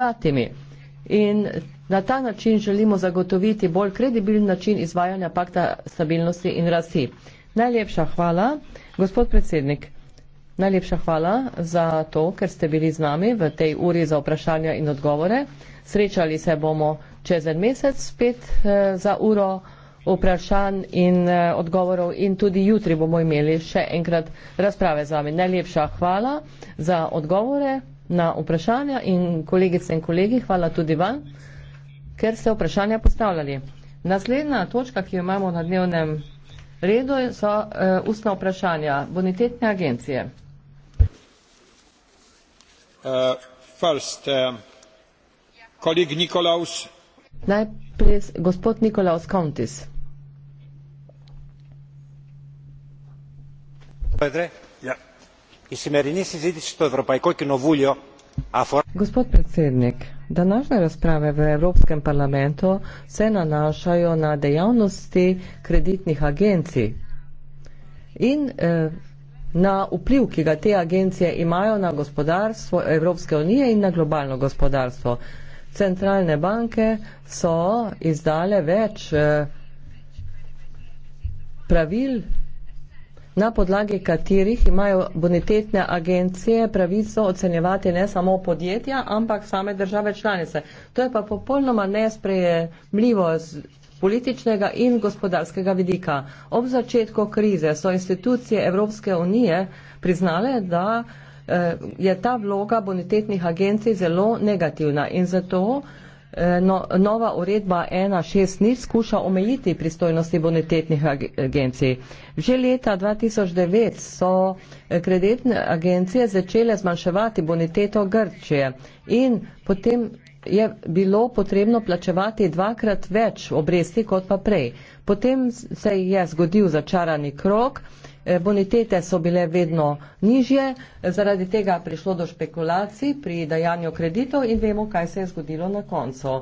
bogatimi. In na ta način želimo zagotoviti bolj kredibilen način izvajanja pakta stabilnosti in rasti. Najlepša hvala, gospod predsednik. Najlepša hvala za to, ker ste bili z nami v tej uri za vprašanja in odgovore. Srečali se bomo čez en mesec spet eh, za uro vprašanj in eh, odgovorov in tudi jutri bomo imeli še enkrat razprave z vami. Najlepša hvala za odgovore na vprašanja in kolegice in kolegi, hvala tudi vam, ker ste vprašanja postavljali. Naslednja točka, ki jo imamo na dnevnem redu, so e, ustna vprašanja bonitetne agencije. Uh, first, uh, Nikolaus. Najprej gospod Nikolaus Kontis. Pedre gospod predsednik današnje razprave v evropskem parlamentu se nanašajo na dejavnosti kreditnih agencij in eh, na vpliv ki ga te agencije imajo na gospodarstvo evropske unije in na globalno gospodarstvo centralne banke so izdale več eh, pravil na podlagi katerih imajo bonitetne agencije pravico ocenjevati ne samo podjetja, ampak same države članice. To je pa popolnoma nesprejemljivo z političnega in gospodarskega vidika. Ob začetku krize so institucije Evropske unije priznale, da eh, je ta vloga bonitetnih agencij zelo negativna in zato Eh, no, nova uredba 1.6 ni skuša omejiti pristojnosti bonitetnih agencij. Že leta 2009 so eh, kreditne agencije začele zmanjševati boniteto Grčije in potem je bilo potrebno plačevati dvakrat več obresti kot pa prej. Potem se je zgodil začarani krok, Eh, bonitete so bile vedno nižje, eh, zaradi tega prišlo do špekulacij pri dajanju kreditov in vemo, kaj se je zgodilo na koncu.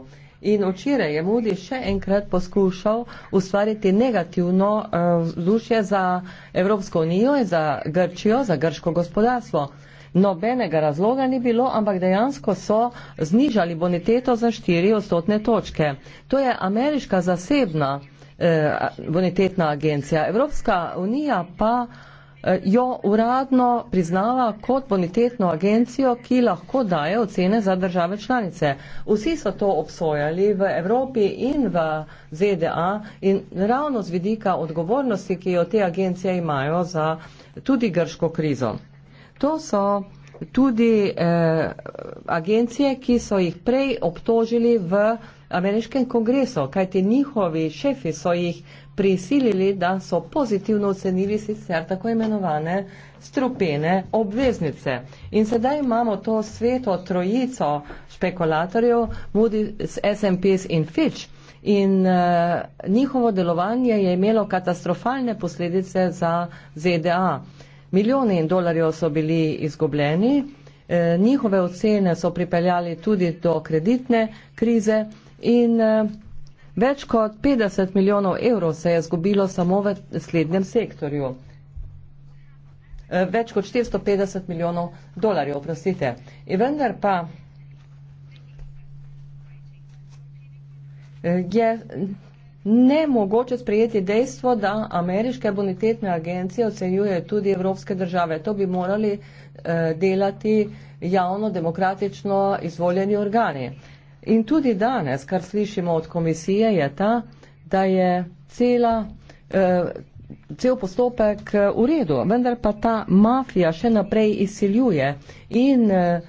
In včeraj je Mudi še enkrat poskušal ustvariti negativno eh, vzdušje za Evropsko unijo in za Grčijo, za grško gospodarstvo. Nobenega razloga ni bilo, ampak dejansko so znižali boniteto za štiri odstotne točke. To je ameriška zasebna Eh, bonitetna agencija. Evropska unija pa eh, jo uradno priznava kot bonitetno agencijo, ki lahko daje ocene za države članice. Vsi so to obsojali v Evropi in v ZDA in ravno z vidika odgovornosti, ki jo te agencije imajo za tudi grško krizo. To so tudi eh, agencije, ki so jih prej obtožili v ameriškem kongresu, kajti njihovi šefi so jih prisilili, da so pozitivno ocenili sicer tako imenovane strupene obveznice. In sedaj imamo to sveto trojico špekulatorjev, Moody's, SMPs in Fitch. In uh, njihovo delovanje je imelo katastrofalne posledice za ZDA. Milijoni in dolarjev so bili izgubljeni, e, njihove ocene so pripeljali tudi do kreditne krize. In uh, več kot 50 milijonov evrov se je zgubilo samo v slednjem sektorju. Uh, več kot 450 milijonov dolarjev, oprostite. In vendar pa eh, je nemogoče sprejeti dejstvo, da ameriške bonitetne agencije ocenjuje tudi evropske države. To bi morali uh, delati javno, demokratično izvoljeni organi. Uh, In tudi danes, kar slišimo od komisije, je ta, da je cela, eh, cel postopek eh, v redu, vendar pa ta mafija še naprej izsiljuje in eh,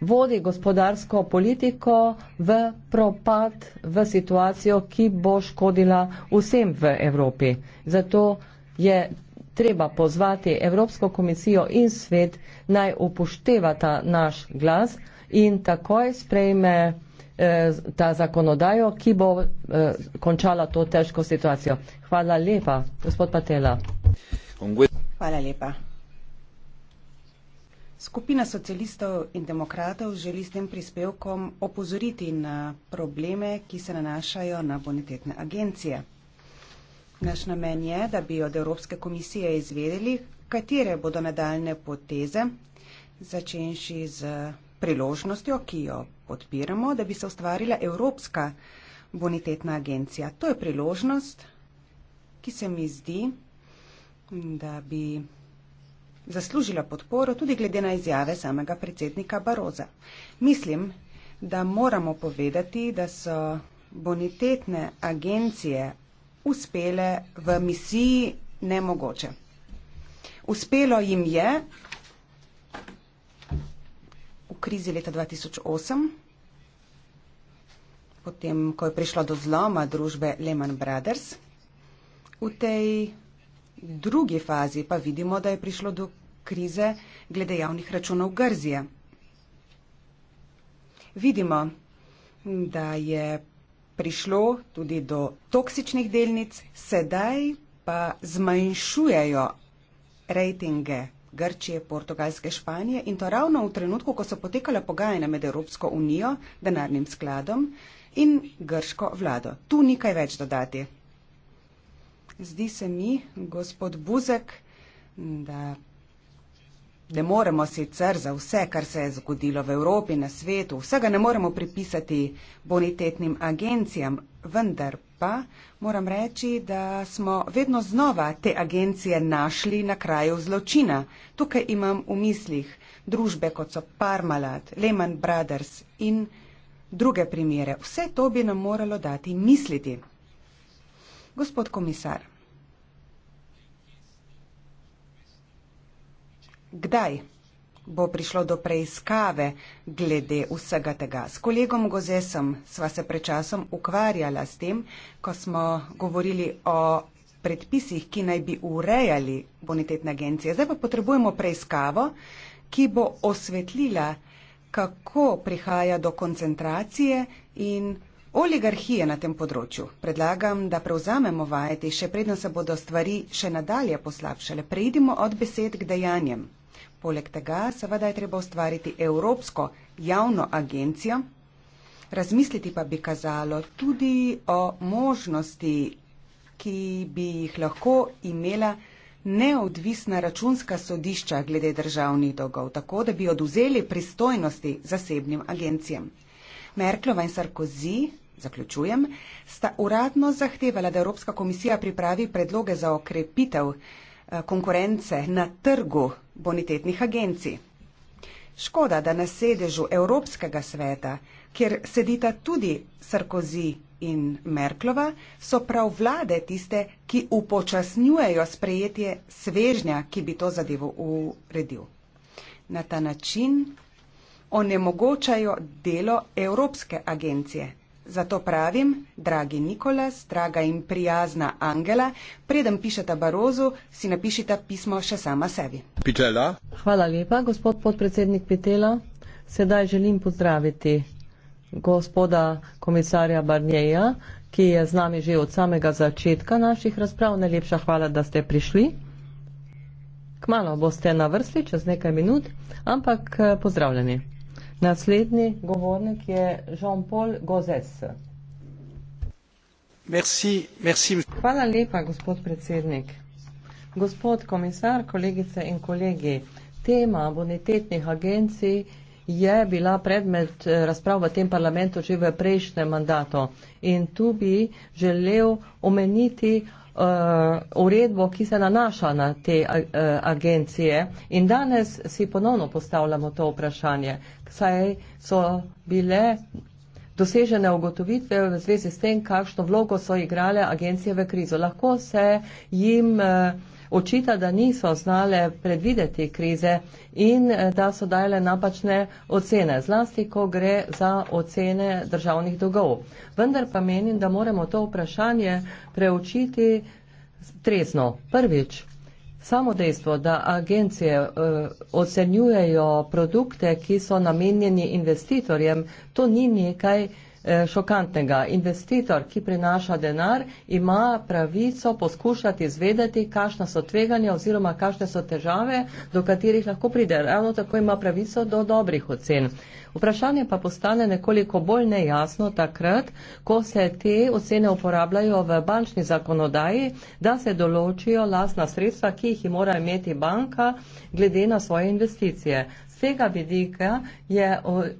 vodi gospodarsko politiko v propad, v situacijo, ki bo škodila vsem v Evropi. Zato je treba pozvati Evropsko komisijo in svet naj upoštevata naš glas in takoj sprejme eh, ta zakonodajo, ki bo eh, končala to težko situacijo. Hvala lepa, gospod Patela. Hvala lepa. Skupina socialistov in demokratov želi s tem prispevkom opozoriti na probleme, ki se nanašajo na bonitetne agencije. Naš namen je, da bi od Evropske komisije izvedeli, katere bodo nadaljne poteze, začenši z priložnostjo, ki jo podpiramo, da bi se ustvarila Evropska bonitetna agencija. To je priložnost, ki se mi zdi, da bi zaslužila podporo tudi glede na izjave samega predsednika Baroza. Mislim, da moramo povedati, da so bonitetne agencije uspele v misiji nemogoče. Uspelo jim je krizi leta 2008, potem, ko je prišlo do zloma družbe Lehman Brothers. V tej drugi fazi pa vidimo, da je prišlo do krize glede javnih računov Grzije. Vidimo, da je prišlo tudi do toksičnih delnic, sedaj pa zmanjšujejo rejtinge Grčije, Portugalske, Španije in to ravno v trenutku, ko so potekala pogajanja med Evropsko unijo, denarnim skladom in grško vlado. Tu ni kaj več dodati. Zdi se mi, gospod Buzek, da ne moremo sicer za vse, kar se je zgodilo v Evropi, na svetu, vsega ne moremo pripisati bonitetnim agencijam, vendar pa moram reči, da smo vedno znova te agencije našli na kraju zločina. Tukaj imam v mislih družbe kot so Parmalat, Lehman Brothers in druge primere. Vse to bi nam moralo dati misliti. Gospod komisar, kdaj? bo prišlo do preiskave glede vsega tega. S kolegom Gozesom sva se pred časom ukvarjala s tem, ko smo govorili o predpisih, ki naj bi urejali bonitetne agencije. Zdaj pa potrebujemo preiskavo, ki bo osvetlila, kako prihaja do koncentracije in oligarhije na tem področju. Predlagam, da prevzamemo vajeti, še predno se bodo stvari še nadalje poslabšale. Preidimo od besed k dejanjem. Poleg tega seveda je treba ustvariti evropsko javno agencijo, razmisliti pa bi kazalo tudi o možnosti, ki bi jih lahko imela neodvisna računska sodišča glede državnih dolgov, tako da bi oduzeli pristojnosti zasebnim agencijam. Merklova in Sarkozy, zaključujem, sta uradno zahtevala, da Evropska komisija pripravi predloge za okrepitev Eh, konkurence na trgu bonitetnih agencij. Škoda, da na sedežu Evropskega sveta, kjer sedita tudi Sarkozy in Merklova, so prav vlade tiste, ki upočasnjujejo sprejetje svežnja, ki bi to zadevo uredil. Na ta način onemogočajo delo Evropske agencije Zato pravim, dragi Nikolas, draga in prijazna Angela, preden pišete Barozu, si napišite pismo še sama sebi. Pitela. Hvala lepa, gospod podpredsednik Pitela. Sedaj želim pozdraviti gospoda komisarja Barnjeja, ki je z nami že od samega začetka naših razprav. Najlepša hvala, da ste prišli. Kmalo boste na vrsti, čez nekaj minut, ampak eh, pozdravljeni. Naslednji govornik je Jean-Paul Gozes. Merci, merci. Hvala lepa, gospod predsednik. Gospod komisar, kolegice in kolegi, tema bonitetnih agencij je bila predmet eh, razprav v tem parlamentu že v prejšnjem mandatu. In tu bi želel omeniti Eh, uredbo, ki se nanaša na te eh, agencije in danes si ponovno postavljamo to vprašanje, saj so bile dosežene ugotovitve v zvezi s tem, kakšno vlogo so igrale agencije v krizo. Lahko se jim uh, očita, da niso znale predvideti krize in eh, da so dajale napačne ocene, zlasti, ko gre za ocene državnih dolgov. Vendar pa menim, da moramo to vprašanje preučiti trezno. Prvič, samo dejstvo, da agencije eh, ocenjujejo produkte, ki so namenjeni investitorjem, to ni nekaj, Eh, šokantnega. Investitor, ki prinaša denar, ima pravico poskušati izvedeti, kakšna so tveganja oziroma kakšne so težave, do katerih lahko pride. Ravno tako ima pravico do dobrih ocen. Vprašanje pa postane nekoliko bolj nejasno takrat, ko se te ocene uporabljajo v bančni zakonodaji, da se določijo lastna sredstva, ki jih mora imeti banka glede na svoje investicije. Z tega vidika je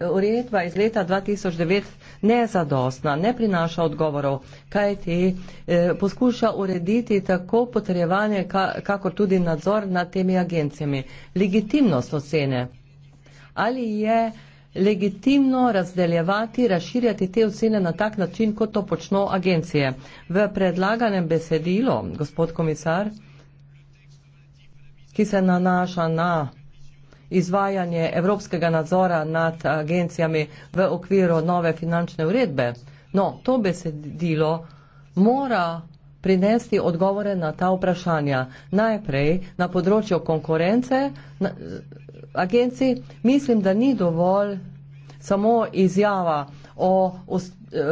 uredba iz leta 2009 nezadostna, ne prinaša odgovorov, kaj ti eh, poskuša urediti tako potrejevanje, kakor tudi nadzor nad temi agencijami. Legitimnost ocene. Ali je legitimno razdeljevati, razširjati te ocene na tak način, kot to počno agencije. V predlaganem besedilu, gospod komisar, ki se nanaša na izvajanje evropskega nadzora nad agencijami v okviru nove finančne uredbe. No, to besedilo mora prinesti odgovore na ta vprašanja. Najprej na področju konkurence na, agencij mislim, da ni dovolj samo izjava o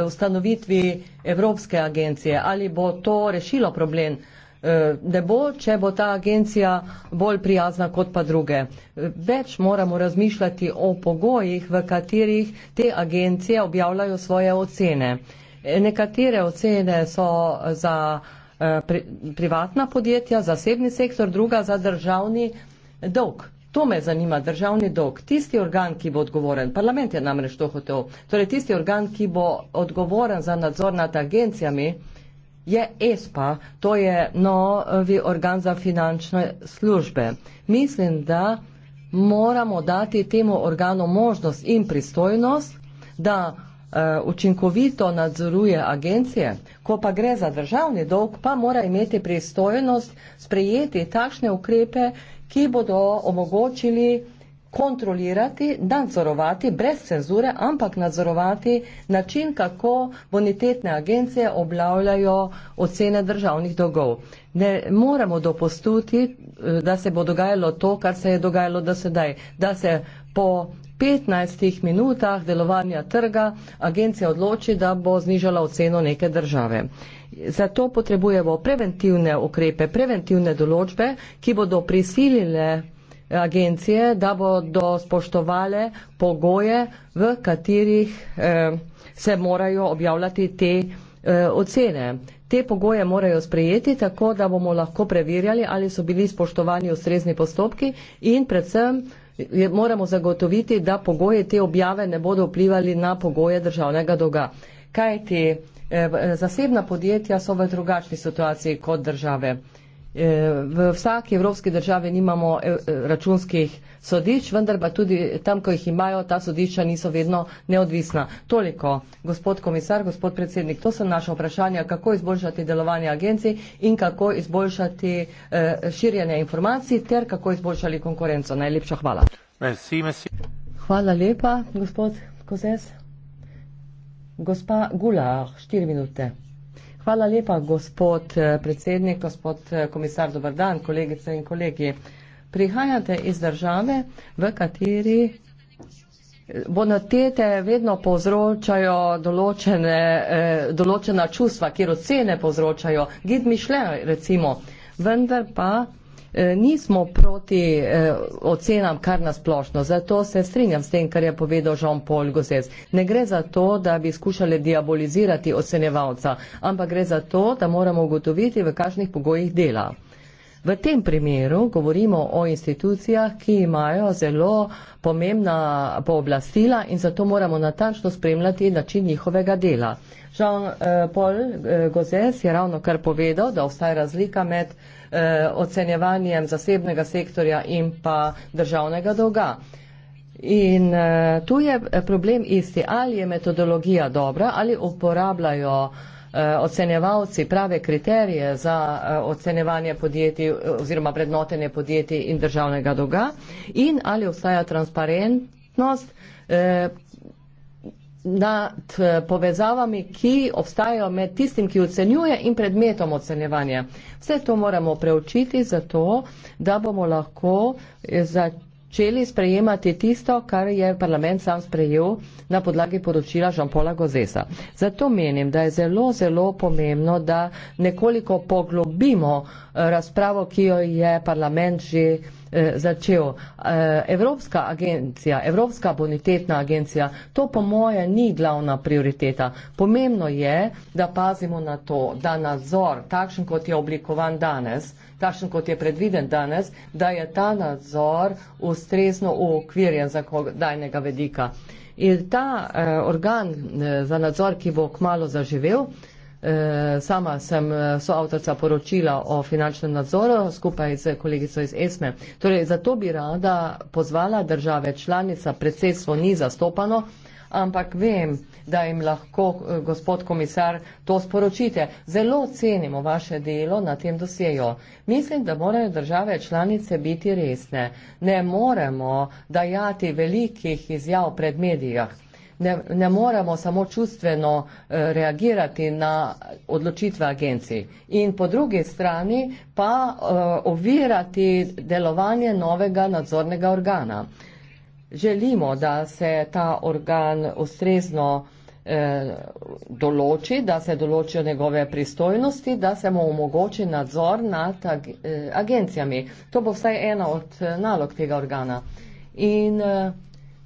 ustanovitvi Evropske agencije ali bo to rešilo problem. Eh, ne bo, če bo ta agencija bolj prijazna kot pa druge. Več moramo razmišljati o pogojih, v katerih te agencije objavljajo svoje ocene. Nekatere ocene so za eh, pri, privatna podjetja, zasebni sektor, druga za državni dolg. To me zanima, državni dolg, tisti organ, ki bo odgovoren, parlament je namreč to hotel, torej tisti organ, ki bo odgovoren za nadzor nad agencijami, Je ESPA, to je novi organ za finančne službe. Mislim, da moramo dati temu organu možnost in pristojnost, da eh, učinkovito nadzoruje agencije, ko pa gre za državni dolg, pa mora imeti pristojnost sprejeti takšne ukrepe, ki bodo omogočili kontrolirati, nadzorovati, brez cenzure, ampak nadzorovati način, kako bonitetne agencije objavljajo ocene državnih dolgov. Ne moramo dopustiti, eh, da se bo dogajalo to, kar se je dogajalo do sedaj, da se po 15 minutah delovanja trga agencija odloči, da bo znižala oceno neke države. Zato potrebujemo preventivne ukrepe, preventivne določbe, ki bodo prisilile agencije, da bodo spoštovale pogoje, v katerih eh, se morajo objavljati te eh, ocene. Te pogoje morajo sprejeti tako, da bomo lahko preverjali, ali so bili spoštovani ustrezni postopki in predvsem je, moramo zagotoviti, da pogoje te objave ne bodo vplivali na pogoje državnega dolga. Kaj ti eh, zasebna podjetja so v drugačni situaciji kot države? Eh, Eh, v vsaki evropski državi nimamo eh, računskih sodišč, vendar pa tudi tam, ko jih imajo, ta sodišča niso vedno neodvisna. Toliko, gospod komisar, gospod predsednik, to so naše vprašanja, kako izboljšati delovanje agencij in kako izboljšati eh, širjenje informacij ter kako izboljšali konkurenco. Najlepša hvala. Merci, merci. Hvala lepa, gospod Kozes. Gospa Gula, štiri minute. Hvala lepa, gospod eh, predsednik, gospod eh, komisar, dober dan, kolegice in kolegi. Prihajate iz države, v kateri eh, bonitete vedno povzročajo določene, določena čustva, kjer ocene povzročajo, gid mišle recimo, vendar pa E, nismo proti eh, ocenam kar nasplošno, zato se strinjam s tem, kar je povedal Jean-Paul Gosses. Ne gre za to, da bi skušali diabolizirati ocenevalca, ampak gre za to, da moramo ugotoviti, v kakšnih pogojih dela. V tem primeru govorimo o institucijah, ki imajo zelo pomembna pooblastila in zato moramo natančno spremljati način njihovega dela. Jean-Paul e, e, Gosses je ravno kar povedal, da obstaja razlika med Eh, ocenjevanjem zasebnega sektorja in pa državnega dolga. In eh, tu je problem isti, ali je metodologija dobra, ali uporabljajo eh, ocenjevalci prave kriterije za ocenjevanje podjetij oziroma prednotenje podjetij in državnega dolga in ali obstaja transparentnost nad eh, povezavami, ki obstajajo med tistim, ki ocenjuje in predmetom ocenjevanja. Vse to moramo preučiti zato, da bomo lahko eh, začeli sprejemati tisto, kar je parlament sam sprejel na podlagi poročila Žampola Gozesa. Zato menim, da je zelo, zelo pomembno, da nekoliko poglobimo eh, razpravo, ki jo je parlament že Eh, začel. Eh, Evropska agencija, Evropska bonitetna agencija, to po moje ni glavna prioriteta. Pomembno je, da pazimo na to, da nadzor, takšen kot je oblikovan danes, takšen kot je predviden danes, da je ta nadzor ustrezno ukvirjen za kogdajnega vedika. In ta eh, organ eh, za nadzor, ki bo kmalo zaživel, eh, Eh, sama sem eh, soavtorica poročila o finančnem nadzoru skupaj z kolegico iz ESME. Torej, zato bi rada pozvala države članica, predsedstvo ni zastopano, ampak vem, da jim lahko eh, gospod komisar to sporočite. Zelo cenimo vaše delo na tem dosjeju. Mislim, da morajo države članice biti resne. Ne moremo dajati velikih izjav pred medijah ne, ne moremo samo čustveno eh, reagirati na odločitve agencij. In po drugi strani pa eh, ovirati delovanje novega nadzornega organa. Želimo, da se ta organ ustrezno eh, določi, da se določijo njegove pristojnosti, da se mu omogoči nadzor nad agencijami. To bo vsaj ena od nalog tega organa. In uh,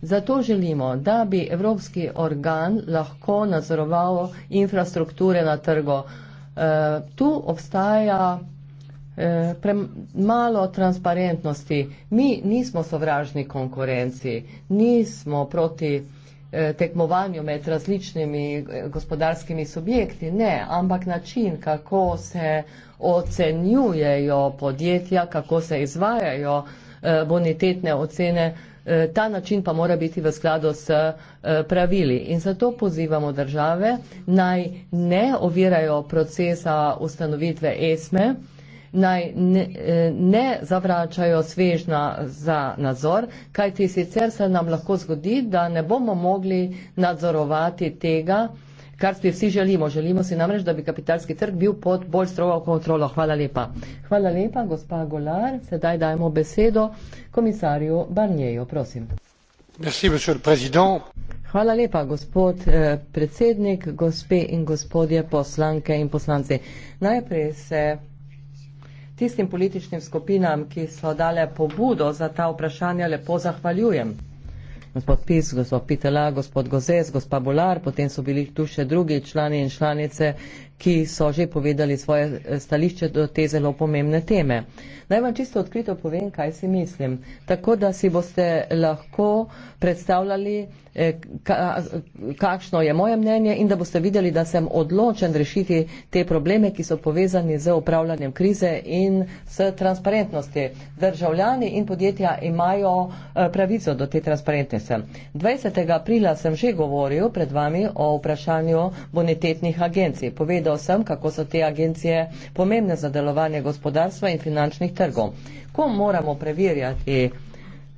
Zato želimo, da bi evropski organ lahko nadzoroval infrastrukture na trgu. E, tu obstaja e, malo transparentnosti. Mi nismo sovražni konkurenci, nismo proti e, tekmovanju med različnimi gospodarskimi subjekti, ne, ampak način, kako se ocenjujejo podjetja, kako se izvajajo e, bonitetne ocene. E, ta način pa mora biti v skladu s e, pravili. In zato pozivamo države naj ne ovirajo procesa ustanovitve ESME, naj ne, e, ne zavračajo svežna za nadzor, kajti sicer se nam lahko zgodi, da ne bomo mogli nadzorovati tega, kar si vsi želimo. Želimo si namreč, da bi kapitalski trg bil pod bolj strogo kontrolo. Hvala lepa. Hvala lepa, gospa Golar. Sedaj dajmo besedo komisarju Barnjeju. Prosim. Merci, Hvala lepa, gospod eh, predsednik, gospe in gospodje poslanke in poslanci. Najprej se tistim političnim skupinam, ki so dale pobudo za ta vprašanja, lepo zahvaljujem gospod Pis, gospod Pitela, gospod Gozes, gospa Bolar, potem so bili tu še drugi člani in članice ki so že povedali svoje eh, stališče do te zelo pomembne teme. Naj vam čisto odkrito povem, kaj si mislim. Tako, da si boste lahko predstavljali, eh, kakšno je moje mnenje in da boste videli, da sem odločen rešiti te probleme, ki so povezani z upravljanjem krize in s transparentnosti. Državljani in podjetja imajo eh, pravico do te transparentnosti. 20. aprila sem že govoril pred vami o vprašanju bonitetnih agencij. Povedal povedal sem, kako so te agencije pomembne za delovanje gospodarstva in finančnih trgov. Ko moramo preverjati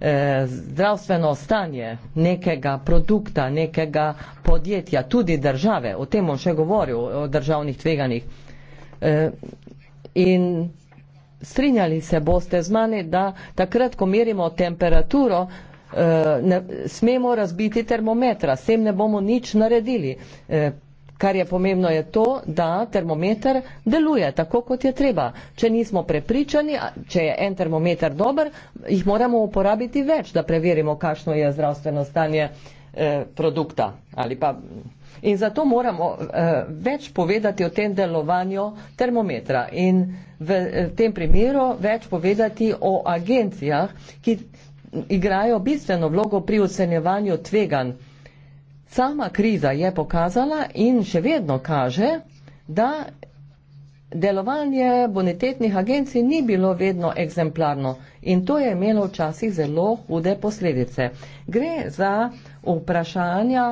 eh, zdravstveno stanje nekega produkta, nekega podjetja, tudi države, o tem bom še govoril, o državnih tveganjih. Eh, in strinjali se boste z mani, da takrat, ko merimo temperaturo, eh, ne smemo razbiti termometra, s tem ne bomo nič naredili. Kar je pomembno je to, da termometer deluje tako, kot je treba. Če nismo prepričani, če je en termometer dober, jih moramo uporabiti več, da preverimo, kakšno je zdravstveno stanje eh, produkta. Pa... In zato moramo eh, več povedati o tem delovanju termometra in v eh, tem primeru več povedati o agencijah, ki igrajo bistveno vlogo pri ocenjevanju tveganj Sama kriza je pokazala in še vedno kaže, da delovanje bonitetnih agencij ni bilo vedno egzemplarno in to je imelo včasih zelo hude posledice. Gre za vprašanja,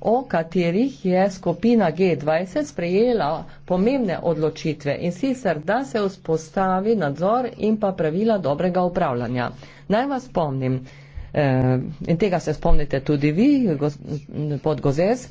o katerih je skupina G20 sprejela pomembne odločitve in sicer, da se vzpostavi nadzor in pa pravila dobrega upravljanja. Naj vas spomnim, Eh, in tega se spomnite tudi vi, pod Gozez.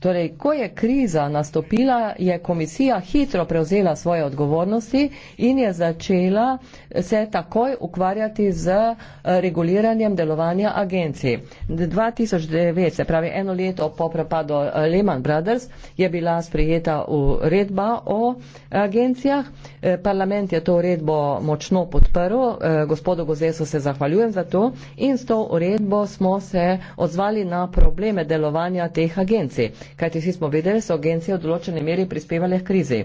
Torej, ko je kriza nastopila, je komisija hitro prevzela svoje odgovornosti in je začela se takoj ukvarjati z eh, reguliranjem delovanja agencij. 2009, se pravi eno leto po prepadu eh, Lehman Brothers, je bila sprejeta uredba o agencijah. Eh, parlament je to uredbo močno podprl, gospodu Gozesu se zahvaljujem za to in s to uredbo smo se odzvali na probleme delovanja teh agencij kajti vsi smo vedeli, so agencije v določeni meri prispevali k krizi.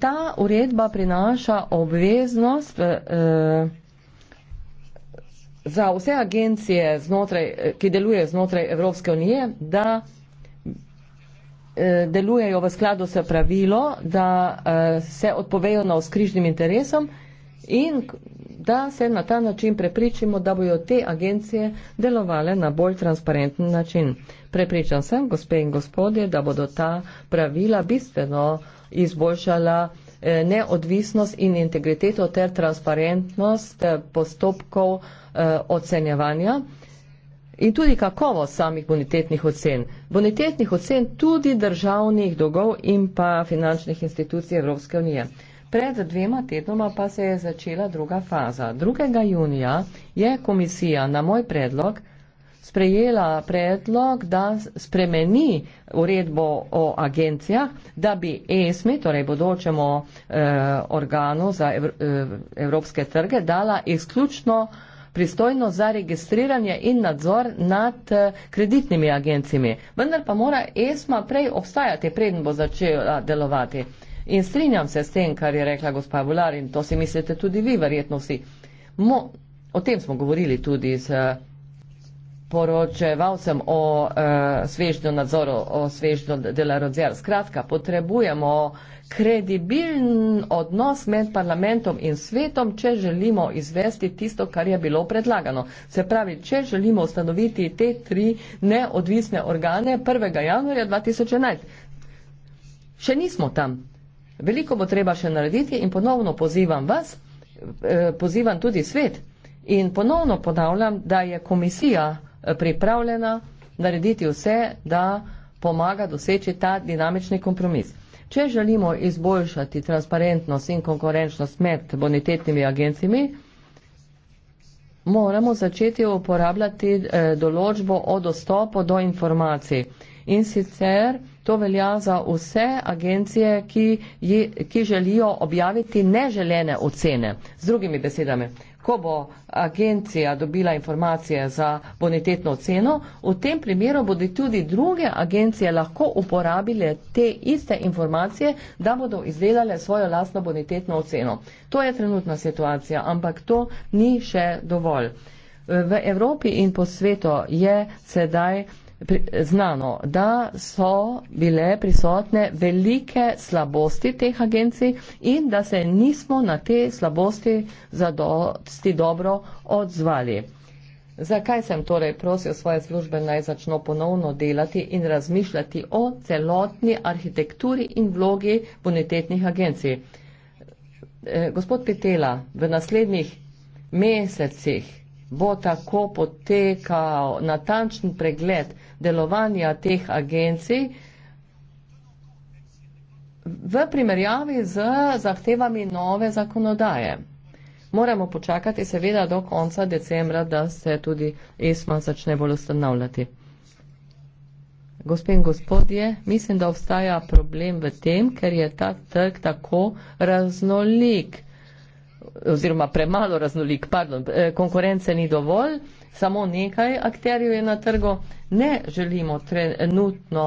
Ta uredba prinaša obveznost eh, za vse agencije, znotraj, ki delujejo znotraj Evropske unije, da eh, delujejo v skladu s pravilo, da eh, se odpovejo na vzkrižnim interesom in da se na ta način prepričimo, da bojo te agencije delovale na bolj transparenten način. Prepričan sem, gospe in gospodje, da bodo ta pravila bistveno izboljšala eh, neodvisnost in integriteto ter transparentnost eh, postopkov eh, ocenjevanja in tudi kakovost samih bonitetnih ocen. Bonitetnih ocen tudi državnih dolgov in pa finančnih institucij Evropske unije. Pred dvema tednoma pa se je začela druga faza. 2. junija je komisija na moj predlog sprejela predlog, da spremeni uredbo o agencijah, da bi ESMI, torej bodočemo eh, organu za ev, eh, evropske trge, dala izključno pristojno za registriranje in nadzor nad eh, kreditnimi agencijami. Vendar pa mora ESMA prej obstajati, preden bo začela delovati. Eh, In strinjam se s tem, kar je rekla gospa Volar in to si mislite tudi vi, verjetno vsi. Mo, o tem smo govorili tudi s eh, poročevalcem o uh, svežnju nadzoru, o svežnju dela rodzer. Skratka, potrebujemo kredibiln odnos med parlamentom in svetom, če želimo izvesti tisto, kar je bilo predlagano. Se pravi, če želimo ustanoviti te tri neodvisne organe 1. januarja 2011. Še nismo tam. Veliko bo treba še narediti in ponovno pozivam vas, eh, pozivam tudi svet in ponovno ponavljam, da je komisija eh, pripravljena narediti vse, da pomaga doseči ta dinamični kompromis. Če želimo izboljšati transparentnost in konkurenčnost med bonitetnimi agencijami, moramo začeti uporabljati eh, določbo o dostopu do informacij. In sicer To velja za vse agencije, ki, ki želijo objaviti neželene ocene. Z drugimi besedami, ko bo agencija dobila informacije za bonitetno oceno, v tem primeru bodo tudi druge agencije lahko uporabile te iste informacije, da bodo izdelale svojo lastno bonitetno oceno. To je trenutna situacija, ampak to ni še dovolj. V Evropi in po svetu je sedaj znano, da so bile prisotne velike slabosti teh agencij in da se nismo na te slabosti zadosti dobro odzvali. Zakaj sem torej prosil svoje službe naj začno ponovno delati in razmišljati o celotni arhitekturi in vlogi bonitetnih agencij? E, gospod Petela, v naslednjih mesecih bo tako potekal natančen pregled delovanja teh agencij v primerjavi z zahtevami nove zakonodaje. Moramo počakati seveda do konca decembra, da se tudi ESMA začne bolj ustanavljati. Gospe in gospodje, mislim, da obstaja problem v tem, ker je ta trg tako raznolik oziroma premalo raznolik, pardon, eh, konkurence ni dovolj, samo nekaj akterjev je na trgu, ne želimo trenutno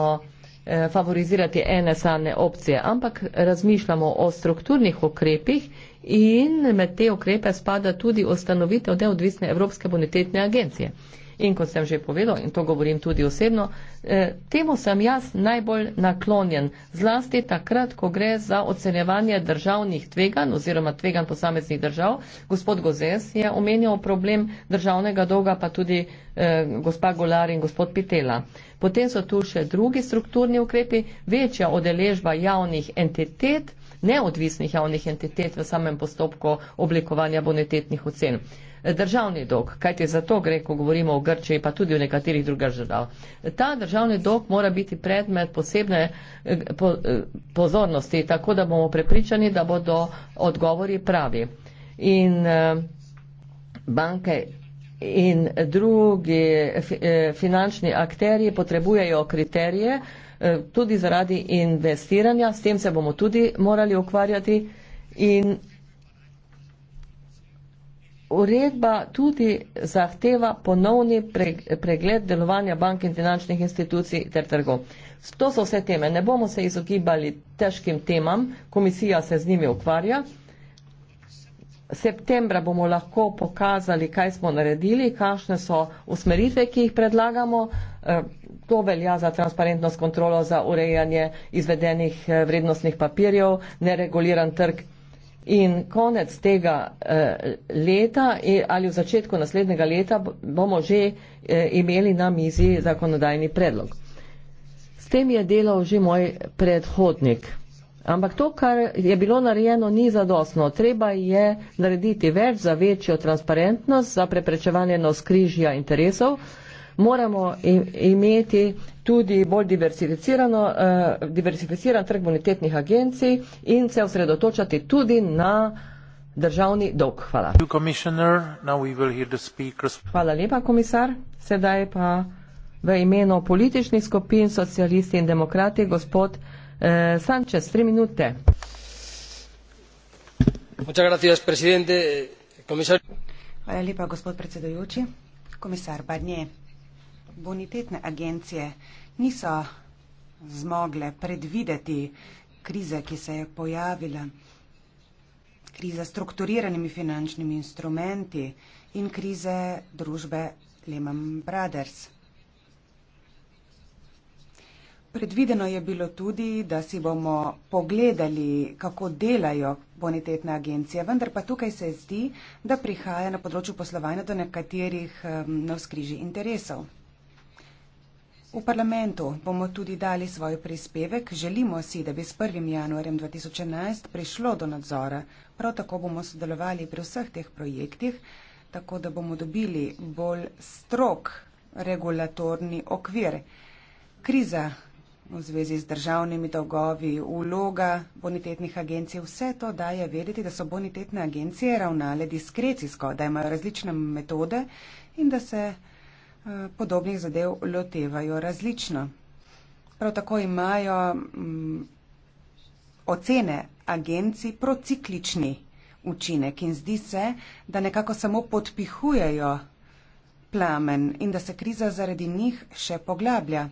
eh, favorizirati ene same opcije, ampak razmišljamo o strukturnih ukrepih in med te ukrepe spada tudi ustanovitev neodvisne Evropske bonitetne agencije. In kot sem že povedal, in to govorim tudi osebno, eh, temu sem jaz najbolj naklonjen, zlasti takrat, ko gre za ocenjevanje državnih tvegan oziroma tvegan posameznih držav. Gospod Gozes je omenjal problem državnega dolga, pa tudi eh, gospa Golar in gospod Pitela. Potem so tu še drugi strukturni ukrepi, večja odeležba javnih entitet, neodvisnih javnih entitet v samem postopku oblikovanja bonitetnih ocen državni dolg, kajti za to gre, ko govorimo o Grčiji, pa tudi o nekaterih drugih državah. Ta državni dolg mora biti predmet posebne eh, eh, pozornosti, tako da bomo prepričani, da bodo odgovori pravi. In eh, banke in drugi finančni akterji potrebujejo kriterije tudi zaradi investiranja, s tem se bomo tudi morali ukvarjati. In Uredba tudi zahteva ponovni pregled delovanja bank in finančnih institucij ter trgov. To so vse teme. Ne bomo se izogibali težkim temam, komisija se z njimi ukvarja. Septembra bomo lahko pokazali, kaj smo naredili, kakšne so usmeritve, ki jih predlagamo. Eh, to velja za transparentnost kontrolo, za urejanje izvedenih eh, vrednostnih papirjev, nereguliran trg In konec tega eh, leta eh, ali v začetku naslednjega leta bomo že eh, imeli na mizi zakonodajni predlog. S tem je delal že moj predhodnik. Ampak to, kar je bilo narejeno, ni zadostno. Treba je narediti več za večjo transparentnost, za preprečevanje noskrižja interesov moramo imeti tudi bolj diversificirano, eh, diversificiran trg bonitetnih agencij in se osredotočati tudi na državni dolg. Hvala. Hvala lepa, komisar. Sedaj pa v imenu političnih skupin, socialisti in demokrati, gospod eh, Sanchez, tri minute. Gracias, Hvala lepa, gospod predsedujoči. Komisar Barnier bonitetne agencije niso zmogle predvideti krize, ki se je pojavila. Krize s strukturiranimi finančnimi instrumenti in krize družbe Lehman Brothers. Predvideno je bilo tudi, da si bomo pogledali, kako delajo bonitetne agencije, vendar pa tukaj se zdi, da prihaja na področju poslovanja do nekaterih ehm, navskrižij interesov. V parlamentu bomo tudi dali svoj prispevek. Želimo si, da bi s 1. januarjem 2011 prišlo do nadzora. Prav tako bomo sodelovali pri vseh teh projektih, tako da bomo dobili bolj strok regulatorni okvir. Kriza v zvezi z državnimi dolgovi, uloga bonitetnih agencij, vse to daje vedeti, da so bonitetne agencije ravnale diskrecijsko, da imajo različne metode in da se. Eh, podobnih zadev lotevajo različno. Prav tako imajo m, mm, ocene agencij prociklični učinek in zdi se, da nekako samo podpihujejo plamen in da se kriza zaradi njih še poglablja.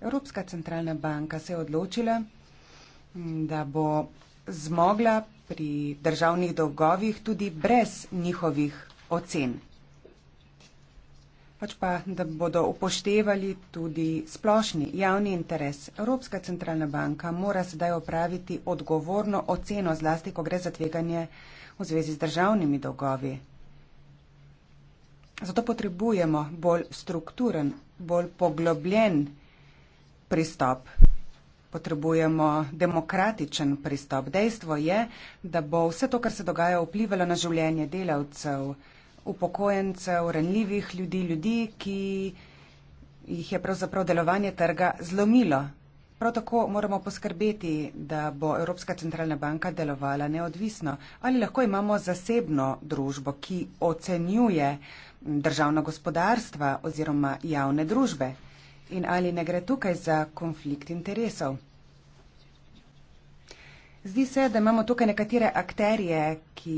Evropska centralna banka se je odločila, mm, da bo zmogla pri državnih dolgovih tudi brez njihovih ocen pač pa, da bodo upoštevali tudi splošni javni interes. Evropska centralna banka mora sedaj opraviti odgovorno oceno, zlasti ko gre za tveganje v zvezi z državnimi dolgovi. Zato potrebujemo bolj strukturen, bolj poglobljen pristop. Potrebujemo demokratičen pristop. Dejstvo je, da bo vse to, kar se dogaja, vplivalo na življenje delavcev upokojencev, renljivih ljudi, ljudi, ki jih je pravzaprav delovanje trga zlomilo. Prav tako moramo poskrbeti, da bo Evropska centralna banka delovala neodvisno. Ali lahko imamo zasebno družbo, ki ocenjuje državna gospodarstva oziroma javne družbe? In ali ne gre tukaj za konflikt interesov? Zdi se, da imamo tukaj nekatere akterje, ki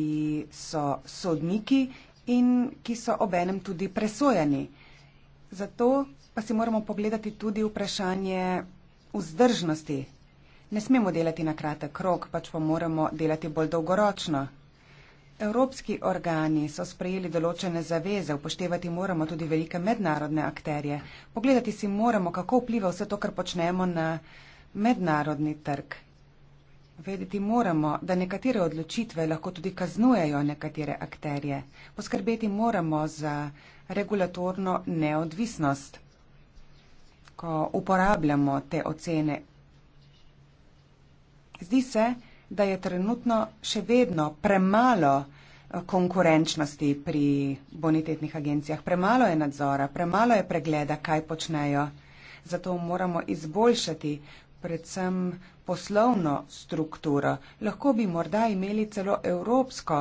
so sodniki, in ki so obenem tudi presojani. Zato pa si moramo pogledati tudi vprašanje vzdržnosti. Ne smemo delati na kratek rok, pač pa moramo delati bolj dolgoročno. Evropski organi so sprejeli določene zaveze, upoštevati moramo tudi velike mednarodne akterje. Pogledati si moramo, kako vpliva vse to, kar počnemo na mednarodni trg. Vedeti moramo, da nekatere odločitve lahko tudi kaznujejo nekatere akterje. Poskrbeti moramo za regulatorno neodvisnost. Ko uporabljamo te ocene, zdi se, da je trenutno še vedno premalo eh, konkurenčnosti pri bonitetnih agencijah. Premalo je nadzora, premalo je pregleda, kaj počnejo. Zato moramo izboljšati predvsem poslovno strukturo. Lahko bi morda imeli celo evropsko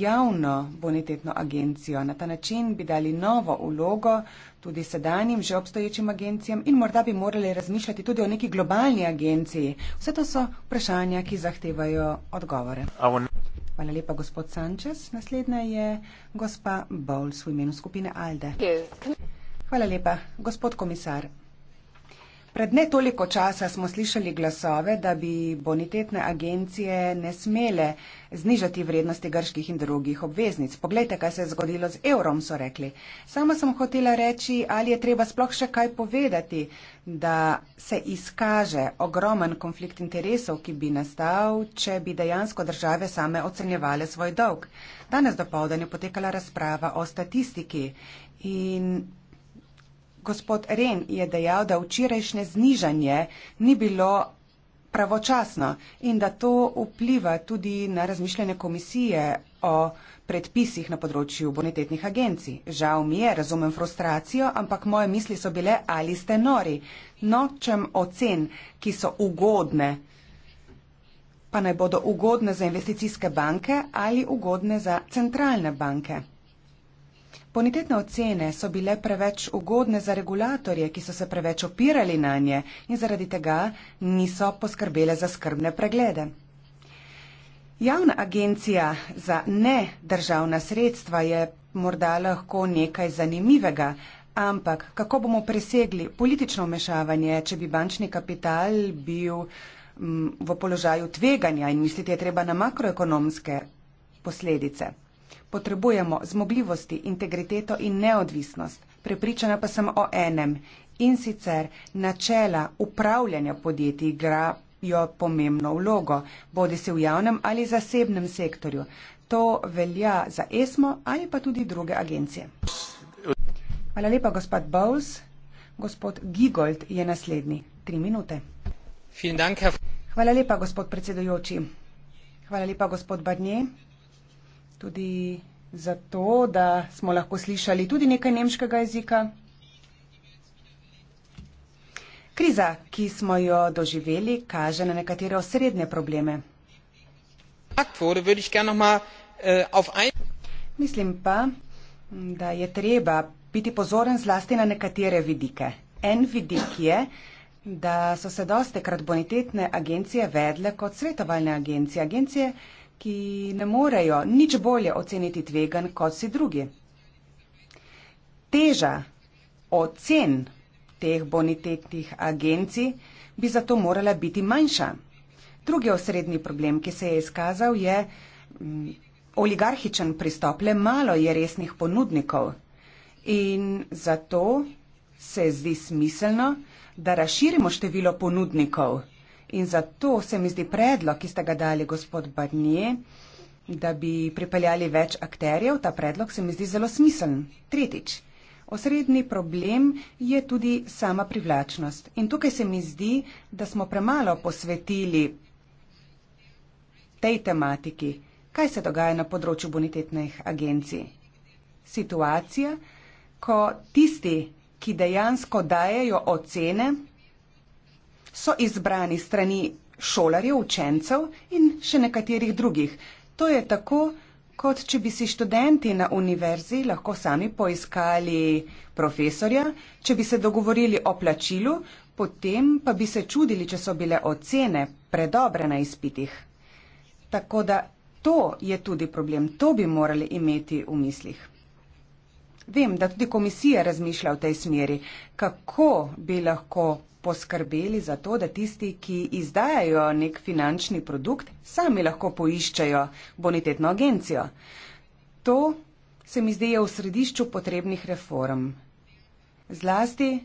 javno bonitetno agencijo. Na ta način bi dali novo ulogo tudi sedanjim že obstoječim agencijam in morda bi morali razmišljati tudi o neki globalni agenciji. Vse to so vprašanja, ki zahtevajo odgovore. Hvala lepa, gospod Sančes. Naslednja je gospa Bowles v imenu skupine Alde. Hvala lepa, gospod komisar. Pred ne toliko časa smo slišali glasove, da bi bonitetne agencije ne smele znižati vrednosti grških in drugih obveznic. Poglejte, kaj se je zgodilo z evrom, so rekli. Sama sem hotela reči, ali je treba sploh še kaj povedati, da se izkaže ogromen konflikt interesov, ki bi nastal, če bi dejansko države same ocenjevale svoj dolg. Danes do povdanja potekala razprava o statistiki in gospod Ren je dejal, da včerajšnje znižanje ni bilo pravočasno in da to vpliva tudi na razmišljanje komisije o predpisih na področju bonitetnih agencij. Žal mi je, razumem frustracijo, ampak moje misli so bile, ali ste nori. Nočem ocen, ki so ugodne, pa naj bodo ugodne za investicijske banke ali ugodne za centralne banke. Bonitetne ocene so bile preveč ugodne za regulatorje, ki so se preveč opirali na nje in zaradi tega niso poskrbele za skrbne preglede. Javna agencija za ne državna sredstva je morda lahko nekaj zanimivega, ampak kako bomo presegli politično vmešavanje, če bi bančni kapital bil mm, v položaju tveganja in mislite, je treba na makroekonomske posledice. Potrebujemo zmogljivosti, integriteto in neodvisnost. Prepričana pa sem o enem in sicer načela upravljanja podjetij igrajo pomembno vlogo, bodi se v javnem ali zasebnem sektorju. To velja za ESMO ali pa tudi druge agencije. Hvala lepa, gospod Bowles. Gospod Gigold je naslednji. Tri minute. Hvala lepa, gospod predsedujoči. Hvala lepa, gospod Barnier tudi zato, da smo lahko slišali tudi nekaj nemškega jezika. Kriza, ki smo jo doživeli, kaže na nekatere osrednje probleme. Mislim pa, da je treba biti pozoren zlasti na nekatere vidike. En vidik je, da so se dostekrat bonitetne agencije vedle kot svetovalne agencije. Agencije ki ne morejo nič bolje oceniti tvegan kot si drugi. Teža ocen teh bonitetnih agencij bi zato morala biti manjša. Drugi osrednji problem, ki se je izkazal, je mm, oligarhičen pristop, le malo je resnih ponudnikov in zato se zdi smiselno, da razširimo število ponudnikov. In zato se mi zdi predlog, ki ste ga dali gospod Barnje, da bi pripeljali več akterjev, ta predlog se mi zdi zelo smiseln. Tretjič, osrednji problem je tudi sama privlačnost. In tukaj se mi zdi, da smo premalo posvetili tej tematiki, kaj se dogaja na področju bonitetnih agencij. Situacija, ko tisti, ki dejansko dajejo ocene, so izbrani strani šolarjev, učencev in še nekaterih drugih. To je tako, kot če bi si študenti na univerzi lahko sami poiskali profesorja, če bi se dogovorili o plačilu, potem pa bi se čudili, če so bile ocene predobre na izpitih. Tako da to je tudi problem, to bi morali imeti v mislih. Vem, da tudi komisija razmišlja v tej smeri, kako bi lahko poskrbeli za to, da tisti, ki izdajajo nek finančni produkt, sami lahko poiščajo bonitetno agencijo. To se mi zdi v središču potrebnih reform. Zlasti eh,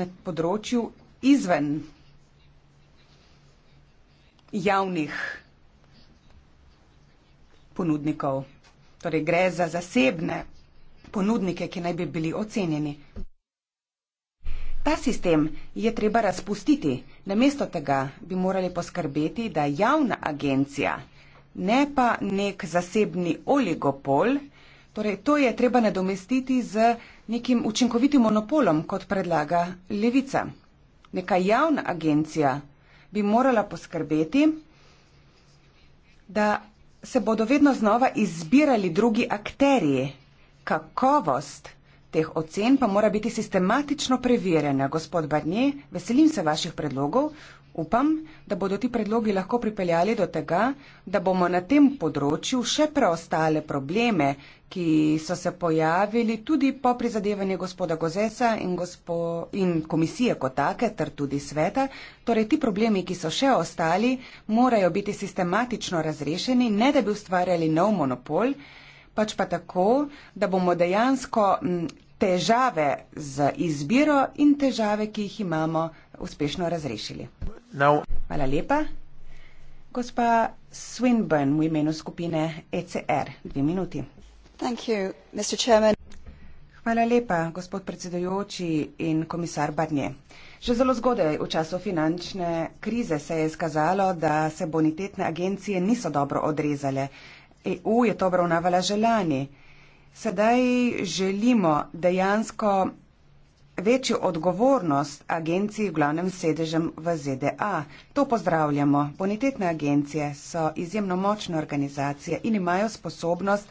na področju izven javnih ponudnikov. Torej gre za zasebne ponudnike, ki naj bi bili ocenjeni. Ta sistem je treba razpustiti. Namesto tega bi morali poskrbeti, da javna agencija, ne pa nek zasebni oligopol, torej to je treba nadomestiti z nekim učinkovitim monopolom, kot predlaga levica. Neka javna agencija bi morala poskrbeti, da se bodo vedno znova izbirali drugi akteri, kakovost teh ocen pa mora biti sistematično preverjena. Gospod Barnje, veselim se vaših predlogov. Upam, da bodo ti predlogi lahko pripeljali do tega, da bomo na tem področju še preostale probleme, ki so se pojavili tudi po prizadevanju gospoda Gozesa in, gospo, in komisije kot take, ter tudi sveta, torej ti problemi, ki so še ostali, morajo biti sistematično razrešeni, ne da bi ustvarjali nov monopol, pač pa tako, da bomo dejansko težave z izbiro in težave, ki jih imamo, uspešno razrešili. Now. Hvala lepa. Gospa Swinburne v imenu skupine ECR, dve minuti. You, Hvala lepa, gospod predsedujoči in komisar Barnje. Že zelo zgodaj v času finančne krize se je skazalo, da se bonitetne agencije niso dobro odrezale. EU je to obravnavala želani sedaj želimo dejansko večjo odgovornost agenciji v glavnem sedežem v ZDA. To pozdravljamo. Bonitetne agencije so izjemno močne organizacije in imajo sposobnost,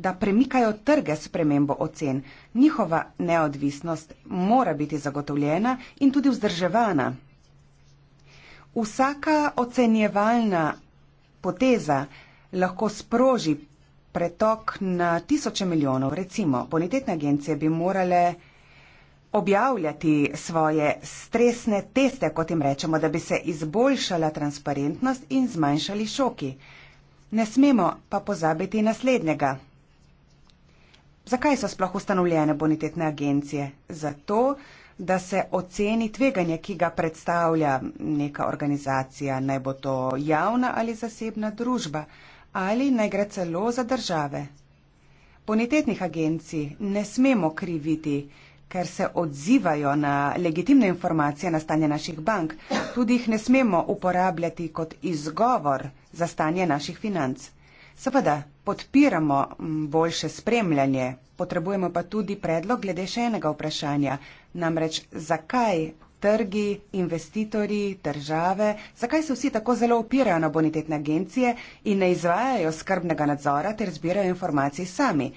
da premikajo trge s premembo ocen. Njihova neodvisnost mora biti zagotovljena in tudi vzdrževana. Vsaka ocenjevalna poteza lahko sproži pretok na tisoče milijonov. Recimo, bonitetne agencije bi morale objavljati svoje stresne teste, kot jim rečemo, da bi se izboljšala transparentnost in zmanjšali šoki. Ne smemo pa pozabiti naslednjega. Zakaj so sploh ustanovljene bonitetne agencije? Zato, da se oceni tveganje, ki ga predstavlja neka organizacija, naj bo to javna ali zasebna družba ali naj gre celo za države. Bonitetnih agencij ne smemo kriviti, ker se odzivajo na legitimne informacije na stanje naših bank, tudi jih ne smemo uporabljati kot izgovor za stanje naših financ. Seveda, podpiramo boljše spremljanje, potrebujemo pa tudi predlog glede še enega vprašanja, namreč zakaj trgi, investitorji, države, zakaj se vsi tako zelo upirajo na bonitetne agencije in ne izvajajo skrbnega nadzora ter zbirajo informacije sami.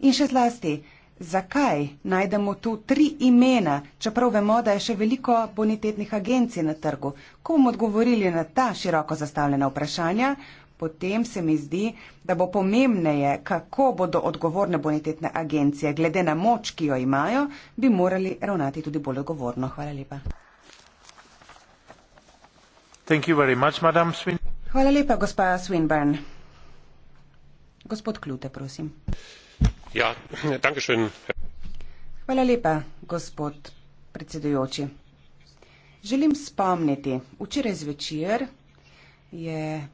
In še zlasti, zakaj najdemo tu tri imena, čeprav vemo, da je še veliko bonitetnih agencij na trgu. Ko bomo odgovorili na ta široko zastavljena vprašanja, potem se mi zdi, da bo pomembneje, kako bodo odgovorne bonitetne agencije, glede na moč, ki jo imajo, bi morali ravnati tudi bolj odgovorno. Hvala lepa. Much, Hvala lepa, gospa Swinburne. Gospod Klute, prosim. Ja, dankeschön. Hvala lepa, gospod predsedujoči. Želim spomniti, včeraj zvečer je